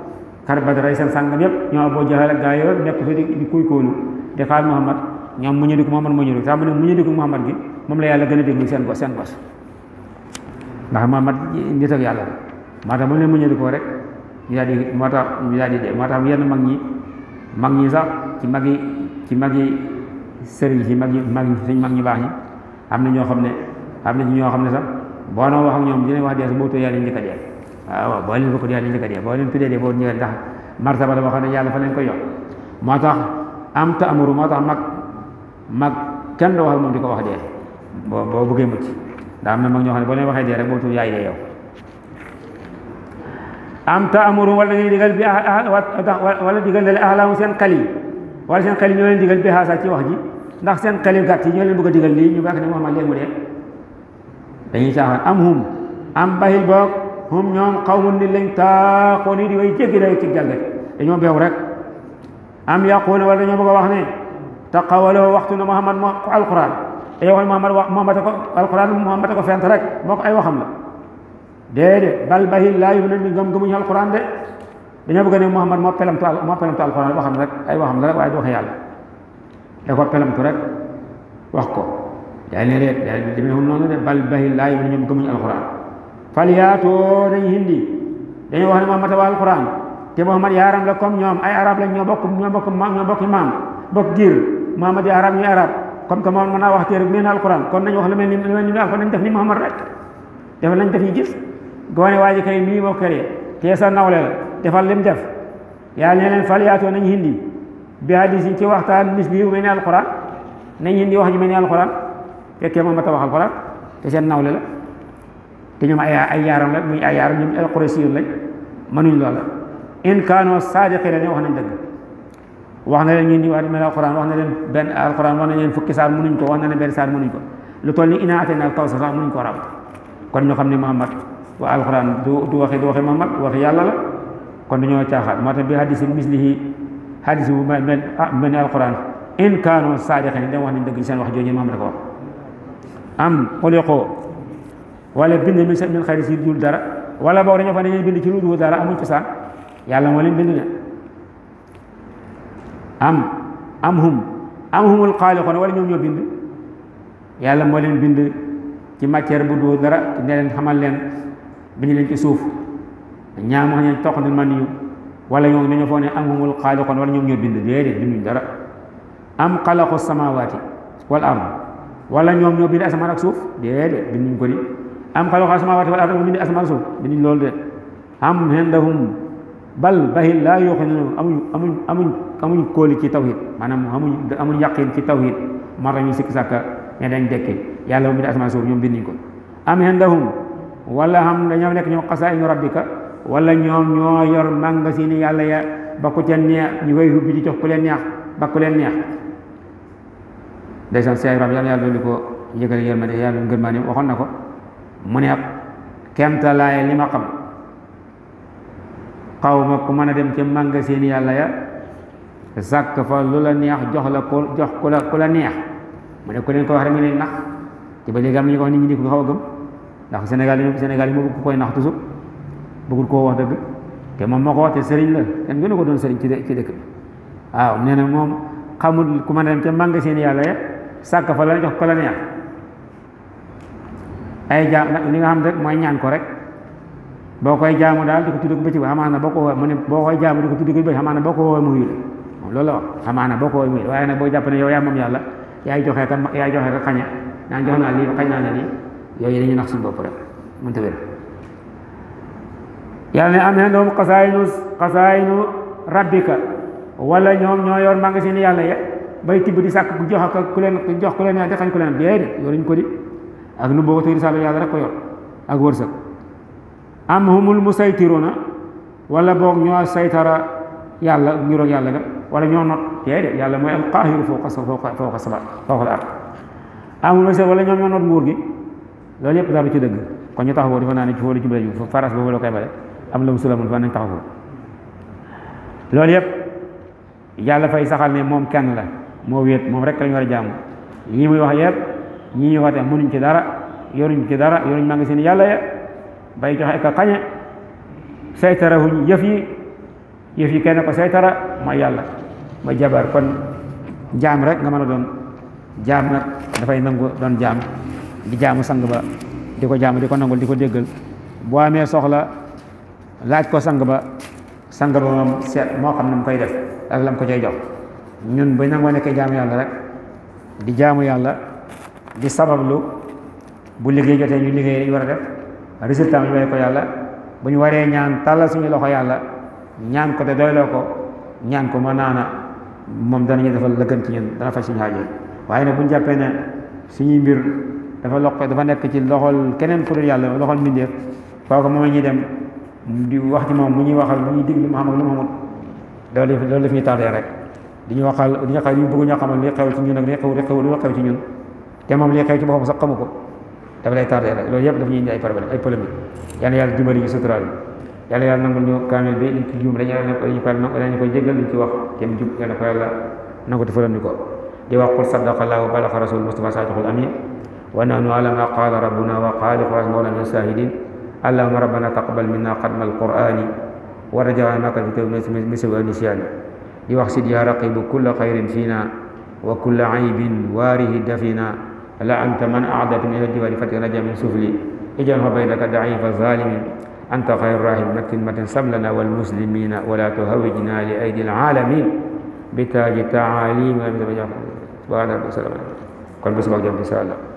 xar badar rey seen sàngam yëpp ñoo boo jaxal ak gaa yoo nekk fi di kuy kóolu di Muhammad ñoom mu ñëddiku Muhammad mu ñëddiku saa mu ne mu ñëddiku Muhammad gi moom la yàlla gën a déglu seen bos moo tax mu leen mu rek ñu daal di moo tax ñu daal di dee moo tax yenn mag ñi mag ñi sax ci mag yi ci mag yi sëriñ si mag yi mag suñ mag ñi baax ñi am na ñoo xam ne am na ñoo xam ne sax boo noo wax ak ñoom dinañ wax dee boo tuddee yàlla njëkk a dee waaw boo leen ko tuddee yàlla njëkk a dee boo leen tuddee dee boo njëkk xam ne yàlla fa leen ko jox moo tax am ta amuru moo tax mag mag kenn wax ak moom di ko wax dee boo boo bëggee mucc ndax am na mag ñoo xam ne boo leen waxee dee rek boo tuuti yaay dee yow. am ta wala ngay digal bi wala digal na le ahlaamu seen xel yi wala seen xel yi ñoo leen digal bi xaasa ci wax ji ndax seen xel yu gàtt yi ñoo leen bëgg diga digal lii ñu gàtt ne Muhammad léegi mu dee dañuy caaxaan am hum am bahil boog hum ñoom xawmun nit ta taaxoo nii di way jéggi day ci jàlgat dañoo beew rek am yàquuna wala dañoo bëgg a wax ne taqawaloo waxtu na Muhammad moo ko alquran te yow Muhammad wax Muhammad ko alquran Muhammad ko fent rek moo ko ay waxam la déedéet bal bahil laa yu'min ni gëm gëmuñu alquran de dañoo bëgg ne Muhammad moo pelamtu moo pelamtu alquran waxam rek ay waxam la rek waaye du waxe yàlla da ko pelamtu rek wax ko yaa ne reet yaa ne demeewul noonu de bal bahil laa yu'min ñoom gëmuñu alquran faliyaatoo dañ hindi dañu wax ne Muhammad wa alquran te Muhammad yaaram la comme ñoom ay arab la ñoo bokk ñoo bokk ñoo bokk maam bokk giir Muhammad yi arab ñuy arab comme que mën naa wax téere bu mel ni kon nañ wax la mel ni lu mel ni alquran nañ def ni Muhammad rek defal nañ def ñu gis goone waa kay mii moo këree tee sa nawle la defal lim def yaa ne leen fal yaatoo nañ hindi bi hadis yi ci waxtaan mis bi bu mel ni alquran nañ hindi wax ji mel ni alquran fekkee moom ma ta wax alquran te seen nawle la te ñoom ay ay yaaram la muy ay yaaram ñoom ay la lañ mënuñ loola in kaanoo saadiqiina wax nañ dëgg wax na leen ñu indi waat mel alquran wax na leen fukki saar mënuñ ko wax na leen benn saar mënuñ ko lu toll ni ina atayna al kawsar sax mënuñ ko raw kon ñu xam ne Muhammad wa moo bi hadis mislihi hadis bu mel ah mel ni alquran in kaanu saadiqin dem wax nañ dëgg seen wax jooju ko wax am xuliqoo wala bind min xayri si dul dara wala boog dañoo fa ne bind ci lu dul dara amul cosaan yàlla moo leen bind ne am am hum am humul xaaliqoon wala ñoom ñoo bind yàlla moo leen bind ci matière bu doo dara te ne leen xamal leen bind leen ci suuf ñaa wax ne toq na man ñu wala ñoom dañoo foog ne am humul xaaliqoon wala ñoom ñoo bind déedéet binduñ dara am xalaqu samawaati wal ard wala ñoom ñoo bind asamaan ak suuf déedéet binduñ ko di am xalaqu samawaati wal ard ñoom bind asamaan ak suuf binduñ loolu de am hendahum bal bahil laa yoo xam ne amuñ amuñ amuñ amuñ kóoli ci tawhid maanaam amuñ amuñ yaqin ci tawhid mar ñu sikki sàkka ne dañ dekke yàlla moom bi da asamaan suuf ñoom bindiñ ko am indahum wala xam dañoo nekk ñoom xasaa'inu rabbika wala ñoom ñoo yor magasin yàlla ya ba ku ca neex ñu koy ubbi di jox ku leen neex ba ku leen neex ndeysaan Seex Ibrahima yàlla yàlla doon di ko yëgale yërmande yàlla ngërmaane waxoon na ko mu ne kemtalaay li ma xam xaw ma ku mën a dem ca magasin yàlla ya sàkk fa lu la neex jox la ko jox ku la la neex mu ne ku ko wax rek nga leen nax ba léegi am ko wax nit ñi di ko xaw a gëm ndax Sénégal yi Sénégal yi moo bëgg ku koy nax toujours bëggul koo wax dëgg te moom moo ko wax sëriñ la kenn gënu ko doon sëriñ ci ci dëkk bi waaw nee na moom xamul ku mën a dem ca magasin yàlla ya sàkk fa la jox ko la neex ay jaam li nga xam rek mooy ñaan ko rek boo koy jaamu daal di ko tudd ko bëccëg amaana boo ko woo mu ne boo koy jaamu di ko tudd ko boo ko woo mu yule loolu la wax amaana boo ko woo mu yule waaye nag boo jàpp ne yow yaa moom ka yaay joxe ka xañe naan jox naa lii ba xañ naa la lii yooyu nax suñu bopp rek mënta wér yàlla ne am na ñoom xasaayinu xasaayinu rabbika wala ñoom ñoo yor magasin yàlla ya bay tibb di sàkk jox ak ku leen jox ku leen di xañ ku leen déedéet ko di ak nu boo ko tëri sàll yàlla rek ko yor ak wërsëg am humul musaytiruna wala boog ñoo saytara yàlla ngiroog yàlla ga wala ñoo not yey de yàlla mooy al qaahiru fawqa fawqa sabat fawqa al ard amul musaytir wala ñoom ñoo not nguur gi loolu yëpp dara ci dëgg kon ñu taxawoo dafa naa ne ci fóolu jubla ju faras boobu la koy bale am la musulamun fa nañ taxawoo loolu yëpp yàlla fay saxal moom kenn la moo wéet moom rek lañu ci dara yoruñ ci dara yoruñ maa ngi seen yàlla ya bay joxe ka kañe saytarawuñ yëf yi yëf yi kenn ko saytara mooy yàlla mooy jabar kon jaam rek nga mën a doon jaam nag dafay nangu doon jaam di jaamu sang ba di ko jaamu di ko nangul di ko déggal boo amee soxla laaj ko sang ba sang moom seet moo xam ne mu koy def ak lam ko cay jox ñun bu nangoo nekkee jaamu yàlla rek di jaamu yàlla di sabablu bu liggéey jotee ñu liggéey war a def résultat ñu doy ko yàlla bu ñu waree ñaan tàllal suñu loxo yàlla ñaan ko te doyloo ko ñaan ko ma naana moom danañu defal la gën ci ñun dana faj suñu xaajee waaye nag bu ñu jàppee ne suñuy mbir dafa loxo dafa nekk ci loxol keneen ku dul yàlla loxol mbindeef kooku moom la ñuy dem di wax moom mu ñuy waxal mu ñuy dig lu mu xam ak lu di ñu waxal di ñu xaw ñu bëgg ñoo xamal li xew ci ñun ak li xew li xew li xew te moom li xew ci boppam sax xamu ko dafa lay tardé rek loolu yëpp daf ñuy indi ay problème ay polémique yal na yàlla dimbali ñu suturaal yi yàlla yàlla nangul ñu kaamil bi liñ ci juum dañu dañu ko dañu ko jéggal liñ ci wax te mu jub yàlla ko yàlla nangu te fëral ñu ko di wax qul sadaqallahu balaxa rasul mustafa saadiqul amin wa nahnu ala ma qaala rabbuna wa qaali xalaas mawlana min shahidin allahuma rabbana taqabal minna xatma alqurani wa rajaa maka fi tawbina misri wa nisyani di wax sid ya raqibu kulla xayrin fina wa kulla aybin waarihi dafina la anta man adat min aljibaali fati raja min sufli ijalhu baynaka daifa zalimin anta xayru rahim matin matin sablana walmuslimina wala tuhawijna li aydi alaalamin bitaaji taalim kon bu subaa jàmm incha allah